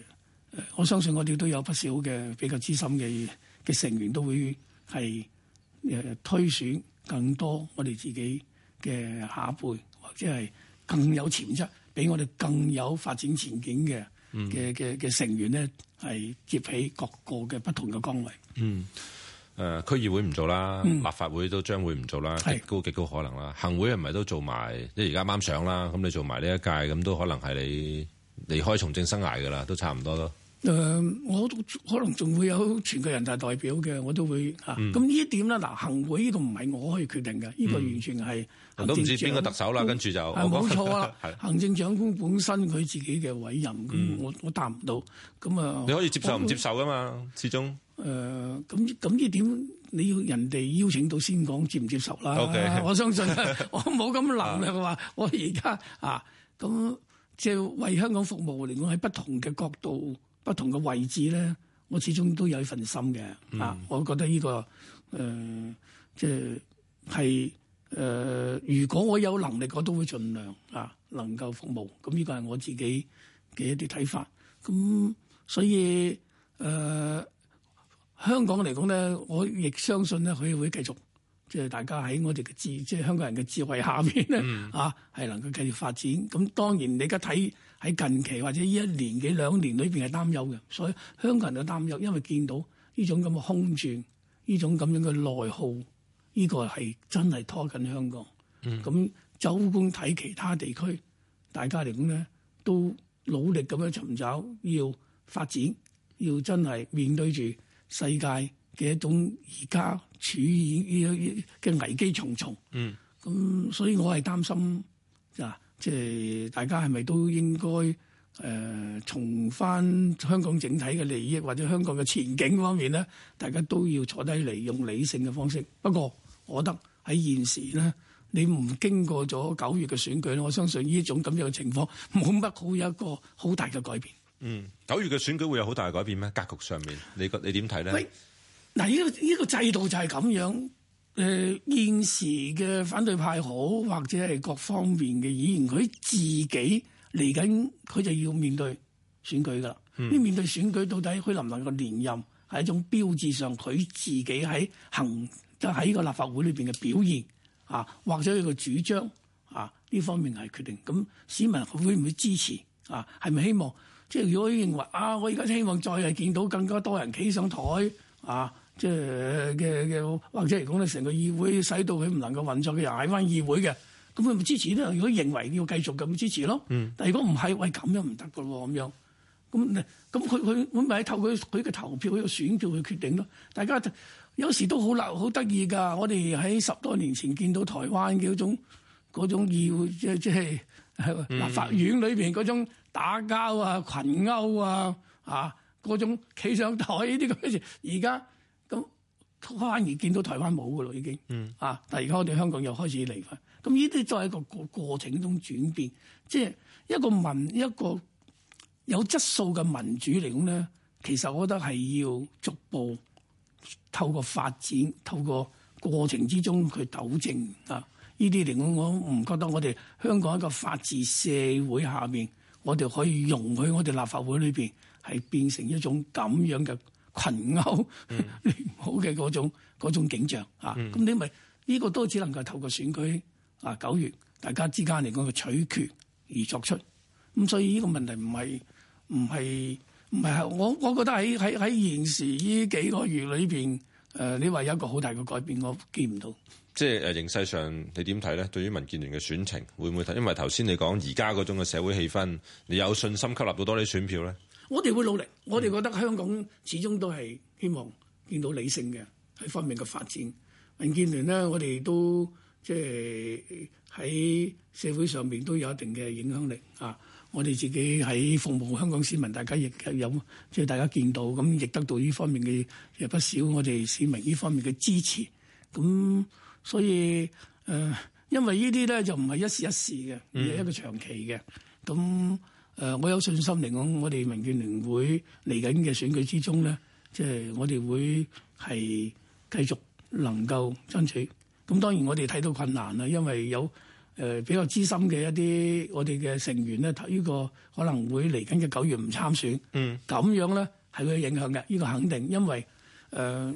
誒、我相信我哋都有不少嘅比較資深嘅嘅成員都會係誒、呃、推選更多我哋自己嘅下輩或者係更有潛質、比我哋更有發展前景嘅嘅嘅嘅成員咧，係接起各個嘅不同嘅崗位。嗯。誒區議會唔做啦，立法會都將會唔做啦，嗯、極高極高可能啦。行會係唔係都做埋？即係而家啱上啦，咁你做埋呢一屆，咁都可能係你離開從政生涯噶啦，都差唔多咯。誒、嗯，我可能仲會有全國人大代表嘅，我都會嚇。咁、嗯、呢一點咧，嗱，行會呢個唔係我可以決定嘅，呢、嗯這個完全係都唔知邊個特首啦，跟住就冇、嗯、錯啦。 行政長官本身佢自己嘅委任，嗯、我我答唔到，咁啊，你可以接受唔接受噶嘛？始終。誒咁咁呢點？你要人哋邀請到先講接唔接受啦。Okay. 我相信 我冇咁能力話， 我而家啊咁即係為香港服務嚟講，喺不同嘅角度、不同嘅位置咧，我始終都有一份心嘅啊、嗯。我覺得呢、呢個誒即係係誒如果我有能力，我都會盡量啊能夠服務。咁呢個係我自己嘅一啲睇法。咁所以誒。呃香港嚟講咧，我亦相信咧，佢會繼續即係大家喺我哋嘅智，即係香港人嘅智慧下面咧、嗯、啊，係能夠繼續發展。咁當然你而家睇喺近期或者呢一年幾兩年裏邊係擔憂嘅，所以香港人嘅擔憂，因為見到呢種咁嘅空轉，呢種咁樣嘅內耗，呢個係真係拖緊香港。咁周公睇其他地區，大家嚟講咧，都努力咁樣尋找要發展，要真係面對住。世界嘅一種，而家處於呢一嘅危機重重，嗯，咁所以我係擔心啊，即係大家係咪都應該誒從翻香港整體嘅利益或者香港嘅前景方面咧，大家都要坐低嚟用理性嘅方式。不過我覺得喺現時咧，你唔經過咗九月嘅選舉咧，我相信呢一種咁樣嘅情況冇乜好有一個好大嘅改變。嗯，九月嘅選舉會有好大嘅改變咩？格局上面，你覺你點睇咧？嗱、這個，呢個呢個制度就係咁樣。誒、呃，現時嘅反對派好，或者係各方面嘅議員，佢自己嚟緊，佢就要面對選舉噶啦。嗯，你面對選舉到底佢能唔能夠連任，係一種標誌上佢自己喺行喺個立法會裏邊嘅表現啊，或者佢個主張啊呢方面係決定咁，那市民會唔會支持啊？係咪希望？即係如果認為啊，我而家希望再係見到更加多人企上台啊，即係嘅嘅，或者嚟講咧，成個議會使到佢唔能夠運作嘅又嗌翻議會嘅，咁佢咪支持咧？如果認為要繼續咁，支持咯。但如果唔係，喂咁樣唔得噶喎，咁樣。咁咁佢佢會唔係透過佢嘅投票、佢嘅選票去決定咯？大家有時都好流好得意㗎。我哋喺十多年前見到台灣嘅嗰種嗰種議會，即係立、嗯、法院裏邊嗰種。打交啊，群毆啊，啊各種企上台呢啲咁嘅事，而家咁反而見到台灣冇噶咯，已經嗯啊。但而家我哋香港又開始嚟翻，咁呢啲都係一個過過程中轉變，即係一個民一個有質素嘅民主嚟講咧，其實我覺得係要逐步透過發展，透過過程之中去糾正啊。呢啲嚟講，我唔覺得我哋香港一個法治社會下面。我哋可以容許我哋立法會裏邊係變成一種咁樣嘅群毆、mm. 好嘅嗰種,種景象、mm. 啊！咁你咪呢、呢個都只能夠透過選舉啊九月大家之間嚟講嘅取決而作出。咁所以呢個問題唔係唔係唔係，我我覺得喺喺喺現時呢幾個月裏邊，誒、呃、你話有一個好大嘅改變，我見唔到。即係形勢上，你點睇咧？對於民建聯嘅選情，會唔會睇？因為頭先你講而家嗰種嘅社會氣氛，你有信心吸納到多啲選票咧？我哋會努力。我哋覺得香港始終都係希望見到理性嘅喺方面嘅發展。民建聯呢，我哋都即係喺社會上面都有一定嘅影響力啊！我哋自己喺服務香港市民，大家亦有即係大家見到咁，亦得到呢方面嘅亦不少。我哋市民呢方面嘅支持咁。所以誒、呃，因為呢啲咧就唔係一時一事嘅，而係一個長期嘅。咁誒、呃，我有信心嚟講，我哋民建聯會嚟緊嘅選舉之中咧，即係我哋會係繼續能夠爭取。咁當然我哋睇到困難啦，因為有誒、呃、比較資深嘅一啲我哋嘅成員咧睇呢個可能會嚟緊嘅九月唔參選，嗯，咁樣咧係會影響嘅，呢個肯定，因為誒、呃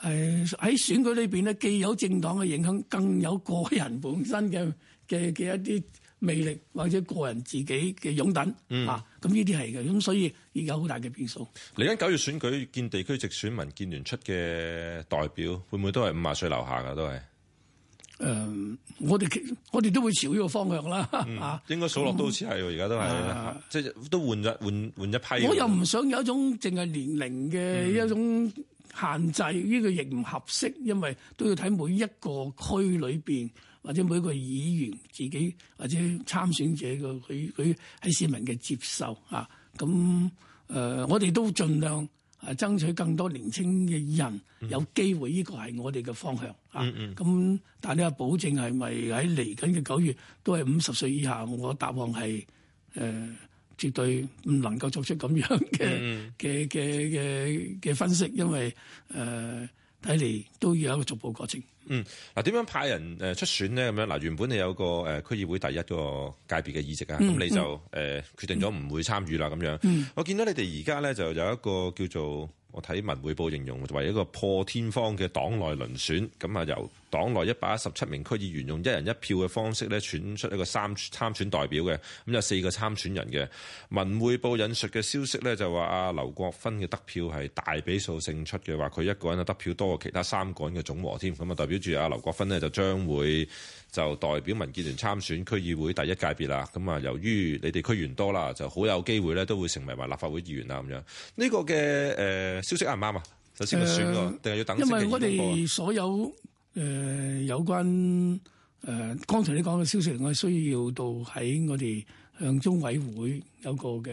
係、呃、喺選舉裏邊咧，既有政黨嘅影響，更有個人本身嘅嘅嘅一啲魅力，或者個人自己嘅擁躉啊。咁呢啲係嘅，咁所以而家好大嘅變數。嚟緊九月選舉，見地區直選民建聯出嘅代表，會唔會都係五啊歲樓下噶？都係誒、呃，我哋我哋都會朝呢個方向啦。啊、嗯，應該數落都好似係，而、嗯、家都係、呃，即係都換咗換換一批。我又唔想有一種淨係年齡嘅一種。嗯限制呢、這個亦唔合適，因為都要睇每一個區裏邊或者每一個議員自己或者參選者嘅佢佢喺市民嘅接受啊。咁誒、呃，我哋都盡量誒爭取更多年青嘅人有機會，呢個係我哋嘅方向啊。咁但係你話保證係咪喺嚟緊嘅九月都係五十歲以下？我答案係誒。呃絕對唔能夠作出咁樣嘅嘅嘅嘅嘅分析，因為誒睇嚟都要有一個逐步的過程。嗯，嗱，點樣派人誒出選咧？咁樣嗱，原本你有個誒區議會第一個界別嘅議席啊，咁、嗯、你就誒、嗯呃、決定咗唔會參與啦。咁、嗯、樣，我見到你哋而家咧就有一個叫做我睇文匯報形容為一個破天荒嘅黨內輪選，咁啊由。黨內一百一十七名區議員用一人一票嘅方式咧選出一個參參選代表嘅，咁有四個參選人嘅。文匯報引述嘅消息咧就話阿劉國勳嘅得票係大比數勝出嘅，話佢一個人嘅得票多過其他三個人嘅總和添，咁啊代表住阿劉國勳呢，就將會就代表民建聯參選區議會第一界別啦。咁啊由於你哋區議員多啦，就好有機會咧都會成為埋立法會議員啊咁樣。呢、這個嘅誒、呃、消息啱唔啱啊？首先個選個定係要等先，因為我哋所有。誒、呃、有關誒、呃、剛才你講嘅消息，我需要到喺我哋向中委會有個嘅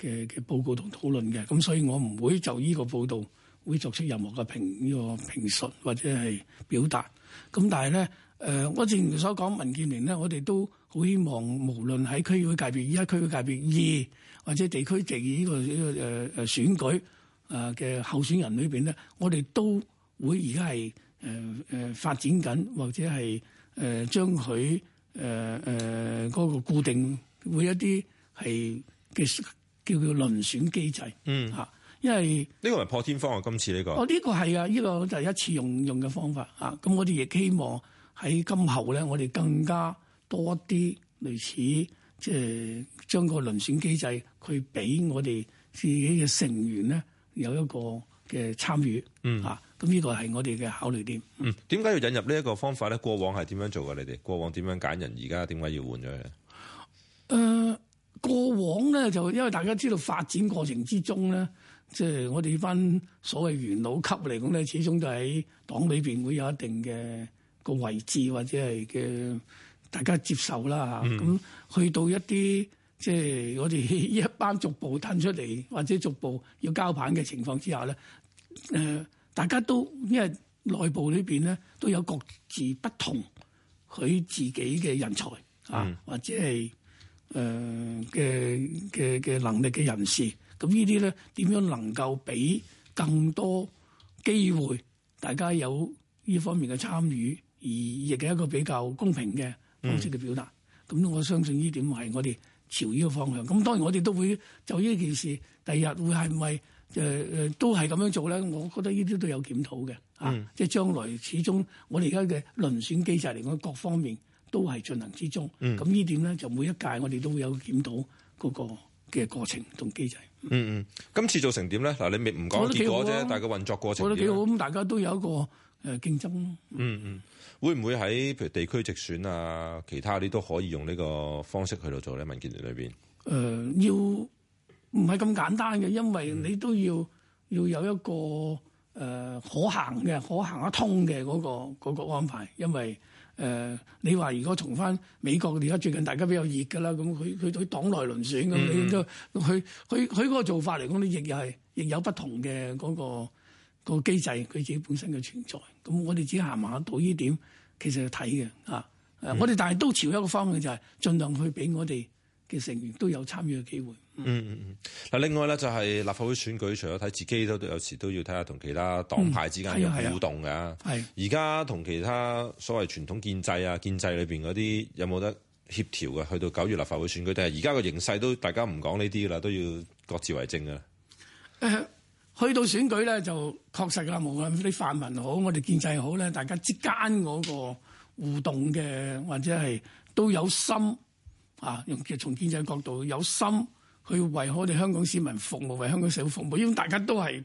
嘅嘅報告同討論嘅。咁所以我唔會就呢個報道會作出任何嘅評呢、這個評述或者係表達。咁但係咧誒，我正如所講，民建聯咧，我哋都好希望，無論喺區議會界別，一區議界別,議界別二或者地區直呢、這個呢、這個誒誒選舉啊嘅候選人裏邊咧，我哋都會而家係。誒、呃、誒、呃、發展緊，或者係誒將佢誒誒嗰個固定會一啲係嘅叫叫輪選機制，嗯嚇，因為呢個係破天荒啊！今次呢、呢個，我、哦、呢、呢個係啊，呢、呢個就一次用用嘅方法嚇。咁、啊、我哋亦希望喺今後咧，我哋更加多啲類似，即係將個輪選機制佢俾我哋自己嘅成員咧有一個嘅參與，嗯嚇。咁呢個係我哋嘅考慮點。嗯，點解要引入呢一個方法咧？過往係點樣做嘅？你哋過往點樣揀人？而家點解要換咗佢？誒，過往咧就因為大家知道發展過程之中咧，即係我哋班所謂元老級嚟講咧，始終都喺黨裏邊會有一定嘅個位置或者係嘅大家接受啦嚇。咁去到一啲即係我哋一班逐步褪出嚟或者逐步要交棒嘅情況之下咧，誒。大家都因為內部裏邊咧都有各自不同佢自己嘅人才啊、嗯，或者係誒嘅嘅嘅能力嘅人士，咁呢啲咧點樣能夠俾更多機會大家有呢方面嘅參與，而亦嘅一個比較公平嘅方式嘅表達，咁、嗯、我相信呢點係我哋朝呢個方向。咁當然我哋都會就呢件事，第二日會，係唔係？誒、呃、誒，都係咁樣做咧。我覺得呢啲都有檢討嘅、嗯，啊，即係將來始終我哋而家嘅輪選機制嚟講，各方面都係進行之中。咁、嗯、呢點咧，就每一屆我哋都會有檢討嗰個嘅過程同機制。嗯嗯，嗯，今次做成點咧？嗱、啊，你未唔講結果啫，大家個運作過程。覺得幾好，咁大家都有一個誒、呃、競爭囉。嗯嗯，會唔會喺譬如地區直選啊，其他啲都可以用呢個方式去到做咧？民建聯裏邊。誒要。唔係咁簡單嘅，因為你都要要有一個誒可行嘅、可行得通嘅嗰、嗰個嗰個安排。因為誒、呃，你話如果從翻美國而家最近大家比較熱嘅啦，咁佢佢佢黨內輪選咁，嗯、你都佢佢佢嗰個做法嚟講，你亦又係亦有不同嘅嗰、嗰個、嗰個機制，佢自己本身嘅存在。咁我哋只係行到呢點，其實要睇嘅嚇。我哋但係都朝一個方向，就係、是、盡量去俾我哋嘅成員都有參與嘅機會。嗯嗯嗯。嗱、嗯，另外咧就係立法會選舉，除咗睇自己都都有時都要睇下同其他黨派之間嘅互動㗎。係而家同其他所謂傳統建制啊，建制裏邊嗰啲有冇得協調嘅？去到九月立法會選舉，定係而家個形勢都大家唔講呢啲啦，都要各自為政嘅。誒，去到選舉咧，就確實啦，無論啲泛民好，我哋建制好咧，大家之間嗰個互動嘅，或者係都有心啊，用從建制的角度有心。去為我哋香港市民服務，為香港社會服務，因為大家都係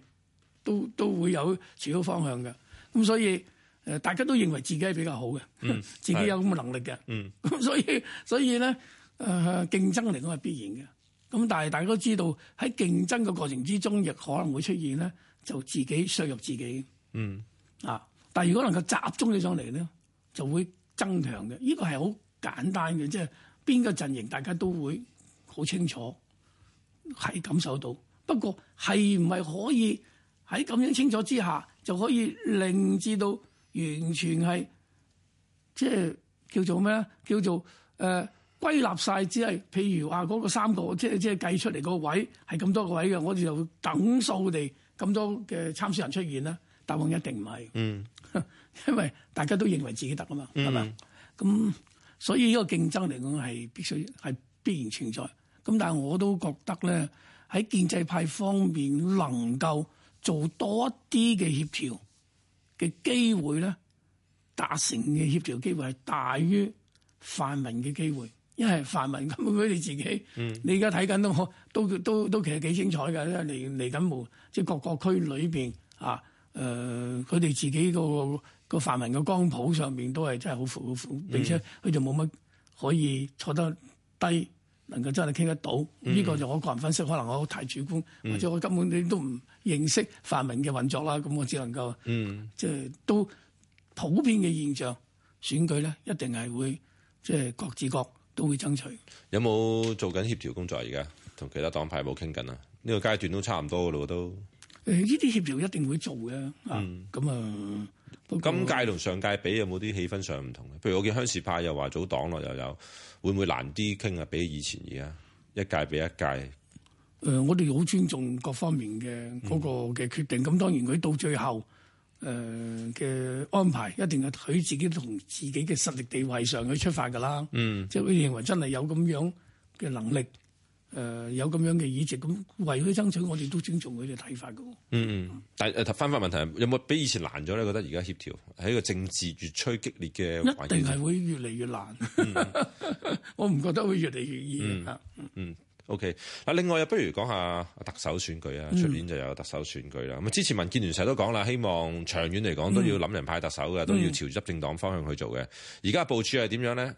都都會有朝向方向嘅咁，所以誒、呃，大家都認為自己係比較好嘅，嗯、 自己有咁嘅能力嘅咁、嗯嗯，所以所以咧誒、呃、競爭嚟講係必然嘅。咁但係大家都知道喺競爭嘅過程之中，亦可能會出現咧就自己削弱自己。嗯啊，但係如果能夠集中起上嚟咧，就會增強嘅。呢、這個係好簡單嘅，即係邊個陣營，大家都會好清楚。係感受到，不過係唔係可以喺咁樣清楚之下，就可以令至到完全係即係叫做咩咧？叫做誒、呃、歸納晒。只係，譬如話嗰個三個，即係即係計出嚟個位係咁多個位嘅，我哋就等數地咁多嘅參選人出現啦。答案一定唔係。嗯、mm.，因為大家都認為自己得啊嘛，係、mm. 咪？咁所以呢個競爭嚟講係必須係必然存在。咁但係我都覺得咧，喺建制派方面能夠做多啲嘅協調嘅機會咧，達成嘅協調機會係大於泛民嘅機會。因為泛民咁佢哋自己，嗯、你而家睇緊都都都都其實幾精彩嘅，因為嚟嚟緊冇即係各個區裏邊啊，誒佢哋自己的個個泛民嘅光譜上面都係真係好服好服，並且佢就冇乜可以坐得低。能夠真係傾得到，呢、嗯這個就我個人分析，可能我太主觀、嗯，或者我根本你都唔認識泛民嘅運作啦。咁我只能夠，即、嗯、係、就是、都普遍嘅現象，選舉咧一定係會即係、就是、各自各都會爭取。有冇做緊協調工作？而家同其他黨派冇傾緊啊？呢、這個階段都差唔多噶咯都。誒、呃，呢啲協調一定會做嘅。咁、嗯、啊，嗯嗯、今屆同上屆比有冇啲氣氛上唔同？譬如我見鄉事派又話組黨咯，又有。會唔會難啲傾啊？比以前而家一屆比一屆。誒、呃，我哋好尊重各方面嘅嗰個嘅決定。咁、嗯、當然佢到最後誒嘅、呃、安排，一定係佢自己同自己嘅實力地位上去出發㗎啦。嗯，即係佢認為真係有咁樣嘅能力。誒、呃、有咁樣嘅議席，咁為佢爭取，我哋都尊重佢哋睇法㗎。嗯嗯，嗯，但誒翻返問題，有冇比以前難咗咧？覺得而家協調喺個政治越趨激烈嘅環境，一定係會越嚟越難。嗯、 我唔覺得會越嚟越易。嗯嗯，OK。嗱，另外又不如講下特首選舉啊，出年就有特首選舉啦。咁、嗯、之前民建聯成日都講啦，希望長遠嚟講都要諗人派特首嘅、嗯，都要朝執政黨方向去做嘅。而家部署係點樣咧？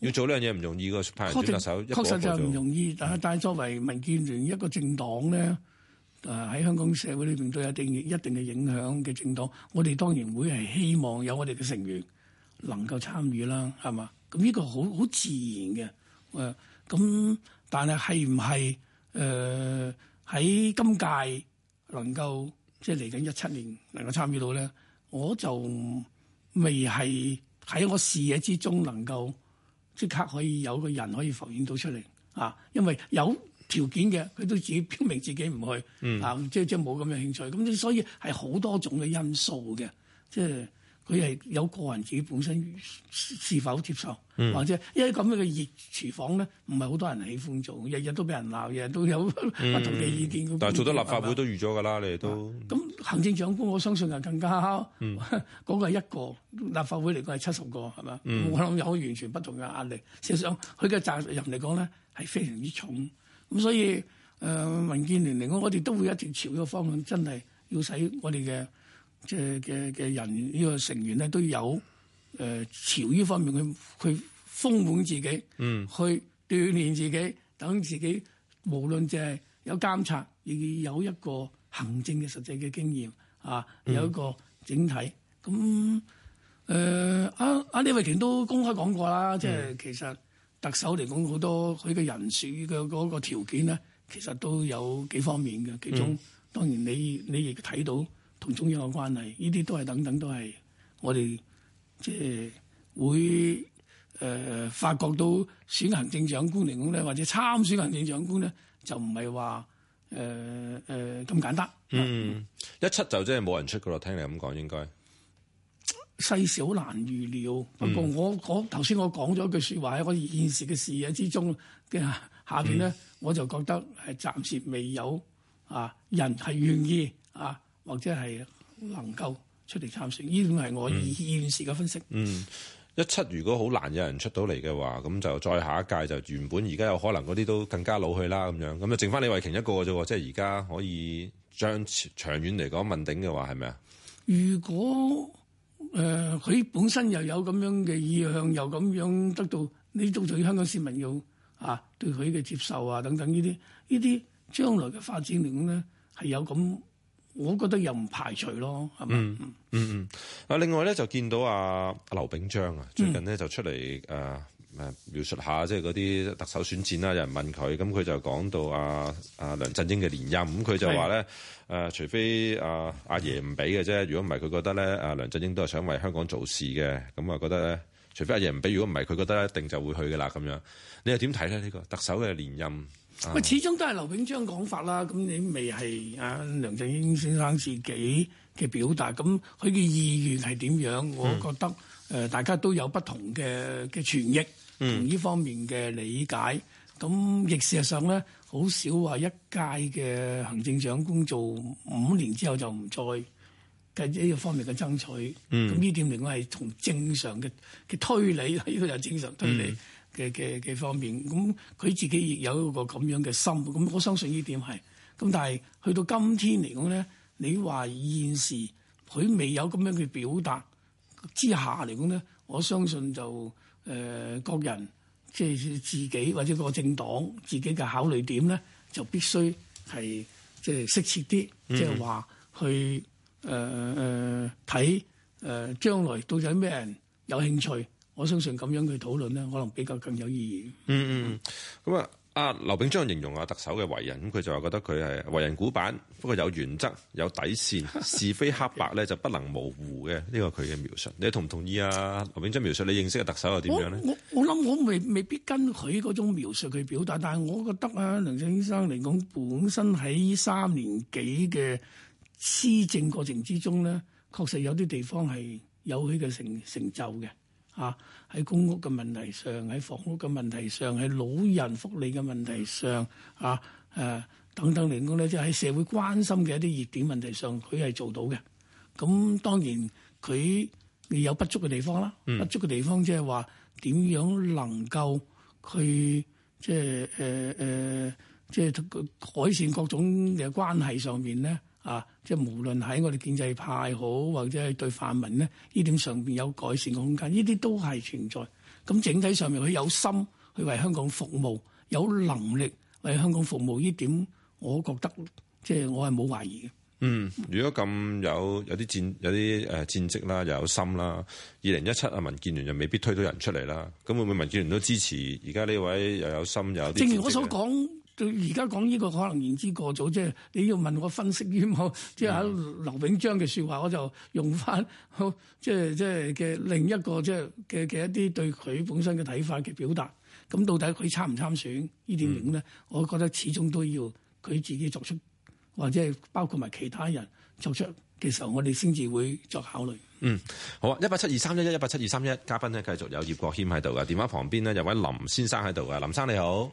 要做呢樣嘢唔容易，派個派主確實就係唔容易。嗯、但係，作為民建聯一個政黨咧，誒、嗯、喺香港社會裏邊，都有一定一定嘅影響嘅政黨，我哋當然會係希望有我哋嘅成員能夠參與啦，係嘛咁？呢個好好自然嘅誒。咁、嗯、但係係唔係誒喺今屆能夠即係嚟緊一七年能夠參與到咧？我就未係喺我視野之中能夠。即刻可以有個人可以浮現到出嚟啊！因為有條件嘅，佢都自己表明自己唔去啊，即即冇咁嘅興趣。咁所以係好多種嘅因素嘅，即係。佢係有個人自己本身是否接受，嗯、或者因為咁樣嘅熱廚房咧，唔係好多人喜歡做，日日都俾人鬧，日日都有不同嘅意見。嗯、是是但係做到立法會都預咗㗎啦，你哋都咁、啊、行政長官我相信就更加，嗰、嗯、 個係一個立法會嚟講係七十個係嘛、嗯，我諗有完全不同嘅壓力。事實上佢嘅責任嚟講咧係非常之重，咁所以誒、呃、民建聯嚟講，我哋都會有一直朝呢個方向，真係要使我哋嘅。即係嘅嘅人呢，這個成員咧，都有誒朝呢方面去去豐滿自己，嗯，去鍛煉自己，等自己無論就係有監察，亦有一個行政嘅實際嘅經驗啊，有一個整體。咁誒阿阿李慧瓊都公開講過啦，嗯，即係其實特首嚟講好多佢嘅人選嘅嗰個條件咧，其實都有幾方面嘅，其中當然你你亦睇到。同中央嘅關係，呢啲都係等等都係我哋即係會誒、呃、發覺到選行政長官嚟講咧，或者參選行政長官咧，就唔係話誒誒咁簡單。嗯，啊、一出就真係冇人出噶啦，聽你咁講應該。世事好難預料，不過我講頭先我講咗一句説話，喺我現時嘅視野之中嘅下邊咧、嗯，我就覺得係暫時未有啊人係願意啊。或者係能夠出嚟參選，呢點係我現現時嘅分析嗯。嗯，一七如果好難有人出到嚟嘅話，咁就再下一屆就原本而家有可能嗰啲都更加老去啦。咁樣咁就剩翻李慧瓊一個嘅啫。即係而家可以將長遠嚟講問鼎嘅話，係咪啊？如果誒佢、呃、本身又有咁樣嘅意向，又咁樣得到呢仲仲要香港市民要啊對佢嘅接受啊等等呢啲呢啲將來嘅發展嚟講咧，係有咁。我覺得又唔排除咯，係咪嗯嗯啊、嗯，另外咧就見到阿、啊、阿劉炳章啊，最近咧就出嚟誒誒描述下即係嗰啲特首選戰啦。有人問佢，咁佢就講到阿、啊、阿、啊、梁振英嘅連任，咁佢就話咧誒，除非阿阿、啊、爺唔俾嘅啫。如果唔係，佢覺得咧阿梁振英都係想為香港做事嘅，咁啊覺得咧除非阿爺唔俾，如果唔係，佢覺得一定就會去嘅啦咁樣。你又點睇咧呢、呢個特首嘅連任？喂，始終都係劉炳章講法啦。咁你未係啊？梁振英先生自己嘅表達，咁佢嘅意願係點樣、嗯？我覺得誒，大家都有不同嘅嘅權益同呢方面嘅理解。咁亦事實上咧，好少話一屆嘅行政長官做五年之後就唔再繼續呢個方面嘅爭取。咁、嗯、呢點嚟講係從正常嘅嘅推理，呢個就正常推理。嗯嘅嘅嘅方面，咁佢自己亦有一個咁樣嘅心，咁我相信呢點係，咁但係去到今天嚟講咧，你話現時佢未有咁樣嘅表達之下嚟講咧，我相信就誒各、呃、人即係自己或者個政黨自己嘅考慮點咧，就必須係即係適切啲，即係話、嗯、去誒誒睇誒將來到底咩人有興趣。我相信咁樣去討論咧，可能比較更有意義。嗯嗯，咁啊，阿劉炳章形容阿特首嘅為人，咁佢就話覺得佢係為人古板，不過有原則、有底線，是非黑白咧就不能模糊嘅。呢 個佢嘅描述，你同唔同意啊？劉炳章描述你認識嘅特首係點樣咧？我我諗我，我未未必跟佢嗰種描述去表達，但係我覺得啊，梁振英先生嚟講，本身喺三年幾嘅施政過程之中咧，確實有啲地方係有佢嘅成成就嘅。啊！喺公屋嘅問題上，喺房屋嘅問題上，喺老人福利嘅問題上，啊誒、呃、等等嚟講咧，即係喺社會關心嘅一啲熱點問題上，佢係做到嘅。咁當然佢有不足嘅地方啦、嗯，不足嘅地方即係話點樣能夠去即係誒誒，即係呃呃即係改善各種嘅關係上面咧。啊！即係無論喺我哋建制派好，或者係對泛民咧，呢點上邊有改善嘅空間，呢啲都係存在。咁整體上面，佢有心去為香港服務，有能力為香港服務，呢點我覺得即係我係冇懷疑嘅。嗯，如果咁有有啲戰有啲誒戰績啦，又有心啦，二零一七啊，民建聯又未必推到人出嚟啦。咁會唔會民建聯都支持而家呢位又有心又有？正如我所講。到而家講呢個可能言之過早，即係你要問我分析於我，即係喺劉永章嘅説話，我就用返即係即係嘅另一個即係嘅嘅一啲對佢本身嘅睇法嘅表達。咁到底佢參唔參選這影呢點樣咧？嗯、我覺得始終都要佢自己作出，或者係包括埋其他人作出嘅時候，其實我哋先至會作考慮。嗯，好啊，一八七二三一一一八七二三一，嘉賓咧繼續有葉國謙喺度噶，電話旁邊咧有位林先生喺度噶，林生你好。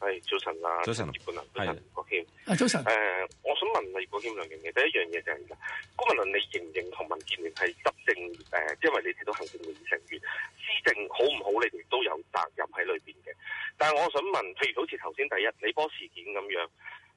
係早晨啊，早晨，古文麟早晨，國謙。早晨。誒、呃呃呃，我想問你，國謙兩樣嘢。第一樣嘢就係，是，古文麟，你認唔認同民建聯係執政？誒、呃，即為你睇到行政會議成員施政好唔好，你哋都有責任喺裏邊嘅。但係我想問，譬如好似頭先第一李波事件咁樣，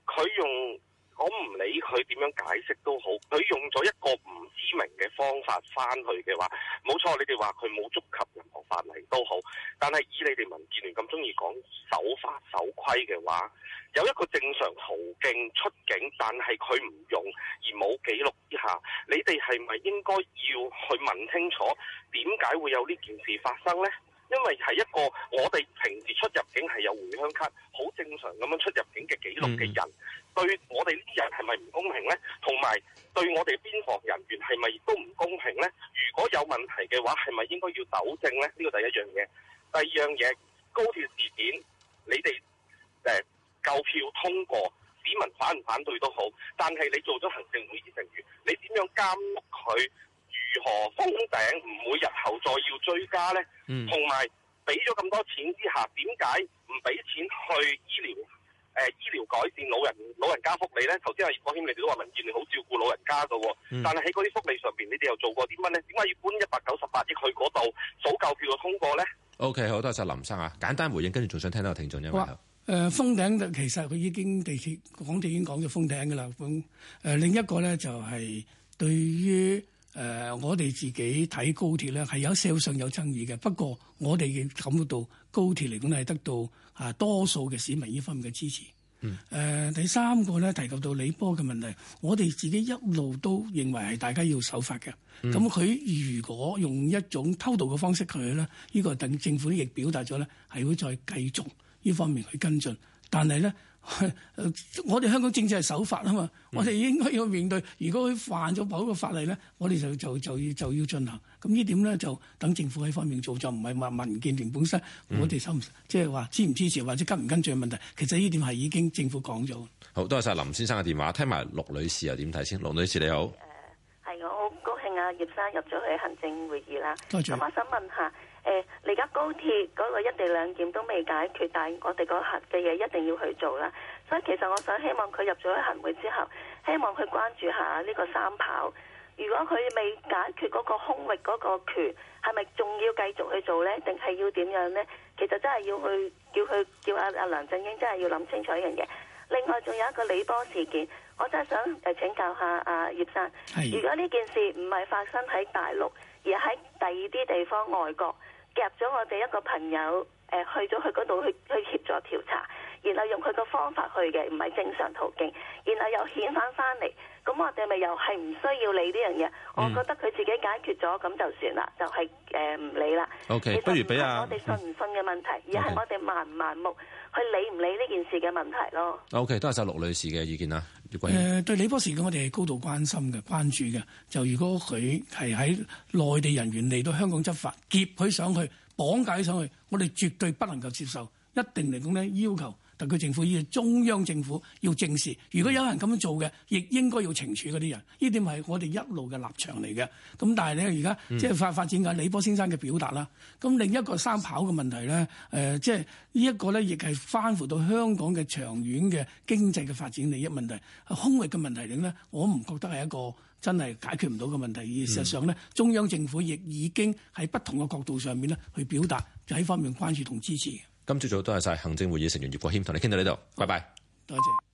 佢用我唔理佢點樣解釋都好，佢用咗一個唔知名嘅方法翻去嘅話，冇錯，你哋話佢冇觸及法例都好，但係以你哋民建聯咁鍾意講守法守規嘅話，有一個正常途徑出境，但係佢唔用而冇記錄之下，你哋係咪應該要去問清楚點解會有呢件事發生呢？因為係一個我哋平時出入境係有回鄉卡，好正常咁樣出入境嘅記錄嘅人，對我哋呢啲人係咪唔公平呢？同埋對我哋邊防人員係咪都唔公平呢？如果有問題嘅話，係咪應該要糾正呢？呢個第一樣嘢。第二樣嘢，高鐵事件，你哋誒購票通過，市民反唔反對都好，但係你做咗行政會議成員，你點樣監督佢？如何封頂唔會日後再要追加咧？同埋俾咗咁多錢之下，點解唔俾錢去醫療誒、呃？醫療改善老人老人家福利咧？頭先阿葉國謙，你哋都話民建聯好照顧老人家噶，但係喺嗰啲福利上邊，你哋又做過啲乜咧？點解要搬一百九十八億去嗰度，數夠票嘅通過咧？O K，好多謝林生啊，簡單回應，跟住仲想聽下聽眾嘅問。誒、呃，封頂其實佢已經地鐵港鐵已經講咗封頂噶啦。封，誒，另一個咧就係、是、對於。誒、呃，我哋自己睇高鐵咧，係有社會上有爭議嘅。不過我，我哋嘅感覺到高鐵嚟講咧，係得到啊多數嘅市民呢方面嘅支持，呃。第三個咧，提及到李波嘅問題，我哋自己一路都認為係大家要守法嘅。咁佢如果用一種偷渡嘅方式去咧，呢、呢個等政府亦表達咗咧，係會再繼續呢方面去跟進，但係咧。 我哋香港政治係守法啊嘛，嗯、我哋應該要面對，如果佢犯咗某個法例咧，我哋就就就要就要進行。咁呢點咧就等政府喺方面做，就唔係話民建聯本身我不，我哋收唔即係話支唔支持或者跟唔跟進嘅問題。其實呢點係已經政府講咗。好，多謝林先生嘅電話，聽埋陸女士又點睇先？陸女士你好。誒，係我好高興啊！葉生入咗去了行政會議啦。多謝。我想問下。誒，嚟家高鐵嗰個一地兩檢都未解決，但係我哋嗰核嘅嘢一定要去做啦。所以其實我想希望佢入咗行會之後，希望佢關注下呢個三跑。如果佢未解決嗰個空域嗰個權，係咪仲要繼續去做呢？定係要點樣呢？其實真係要，要去叫佢叫阿阿梁振英真係要諗清楚一樣嘢。另外仲有一個李波事件，我真係想誒請教下阿葉生，如果呢件事唔係發生喺大陸，而喺第二啲地方外國？夾咗我哋一個朋友，誒去咗佢嗰度去去協助調查。然後用佢個方法去嘅，唔係正常途徑。然後又遣返翻嚟，咁我哋咪又係唔需要理呢樣嘢。我覺得佢自己解決咗咁就算啦，就係誒唔理啦。O、okay, K，不如俾阿我哋信唔信嘅問題，okay, 而係我哋盲唔盲目，去理唔理呢件事嘅問題咯。O、okay, K，多謝曬陸女士嘅意見啦，葉國謙、呃、對李波士嘅，我哋係高度關心嘅、關注嘅。就如果佢係喺內地人員嚟到香港執法，劫佢上去、綁架佢上去，我哋絕對不能夠接受，一定嚟講呢要求。但區政府要中央政府要正視，如果有人咁樣做嘅，亦應該要懲處嗰啲人。呢點係我哋一路嘅立場嚟嘅。咁但係你而家即係發發展緊李波先生嘅表達啦。咁另一個三跑嘅問題咧、呃，即係呢一個咧，亦係關乎到香港嘅長遠嘅經濟嘅發展利益問題、空域嘅問題咧，我唔覺得係一個真係解決唔到嘅問題。而事實上咧，中央政府亦已經喺不同嘅角度上面咧去表達喺方面關注同支持。今朝早多謝晒行政會議成員葉國謙同你傾到呢度，拜拜，多謝。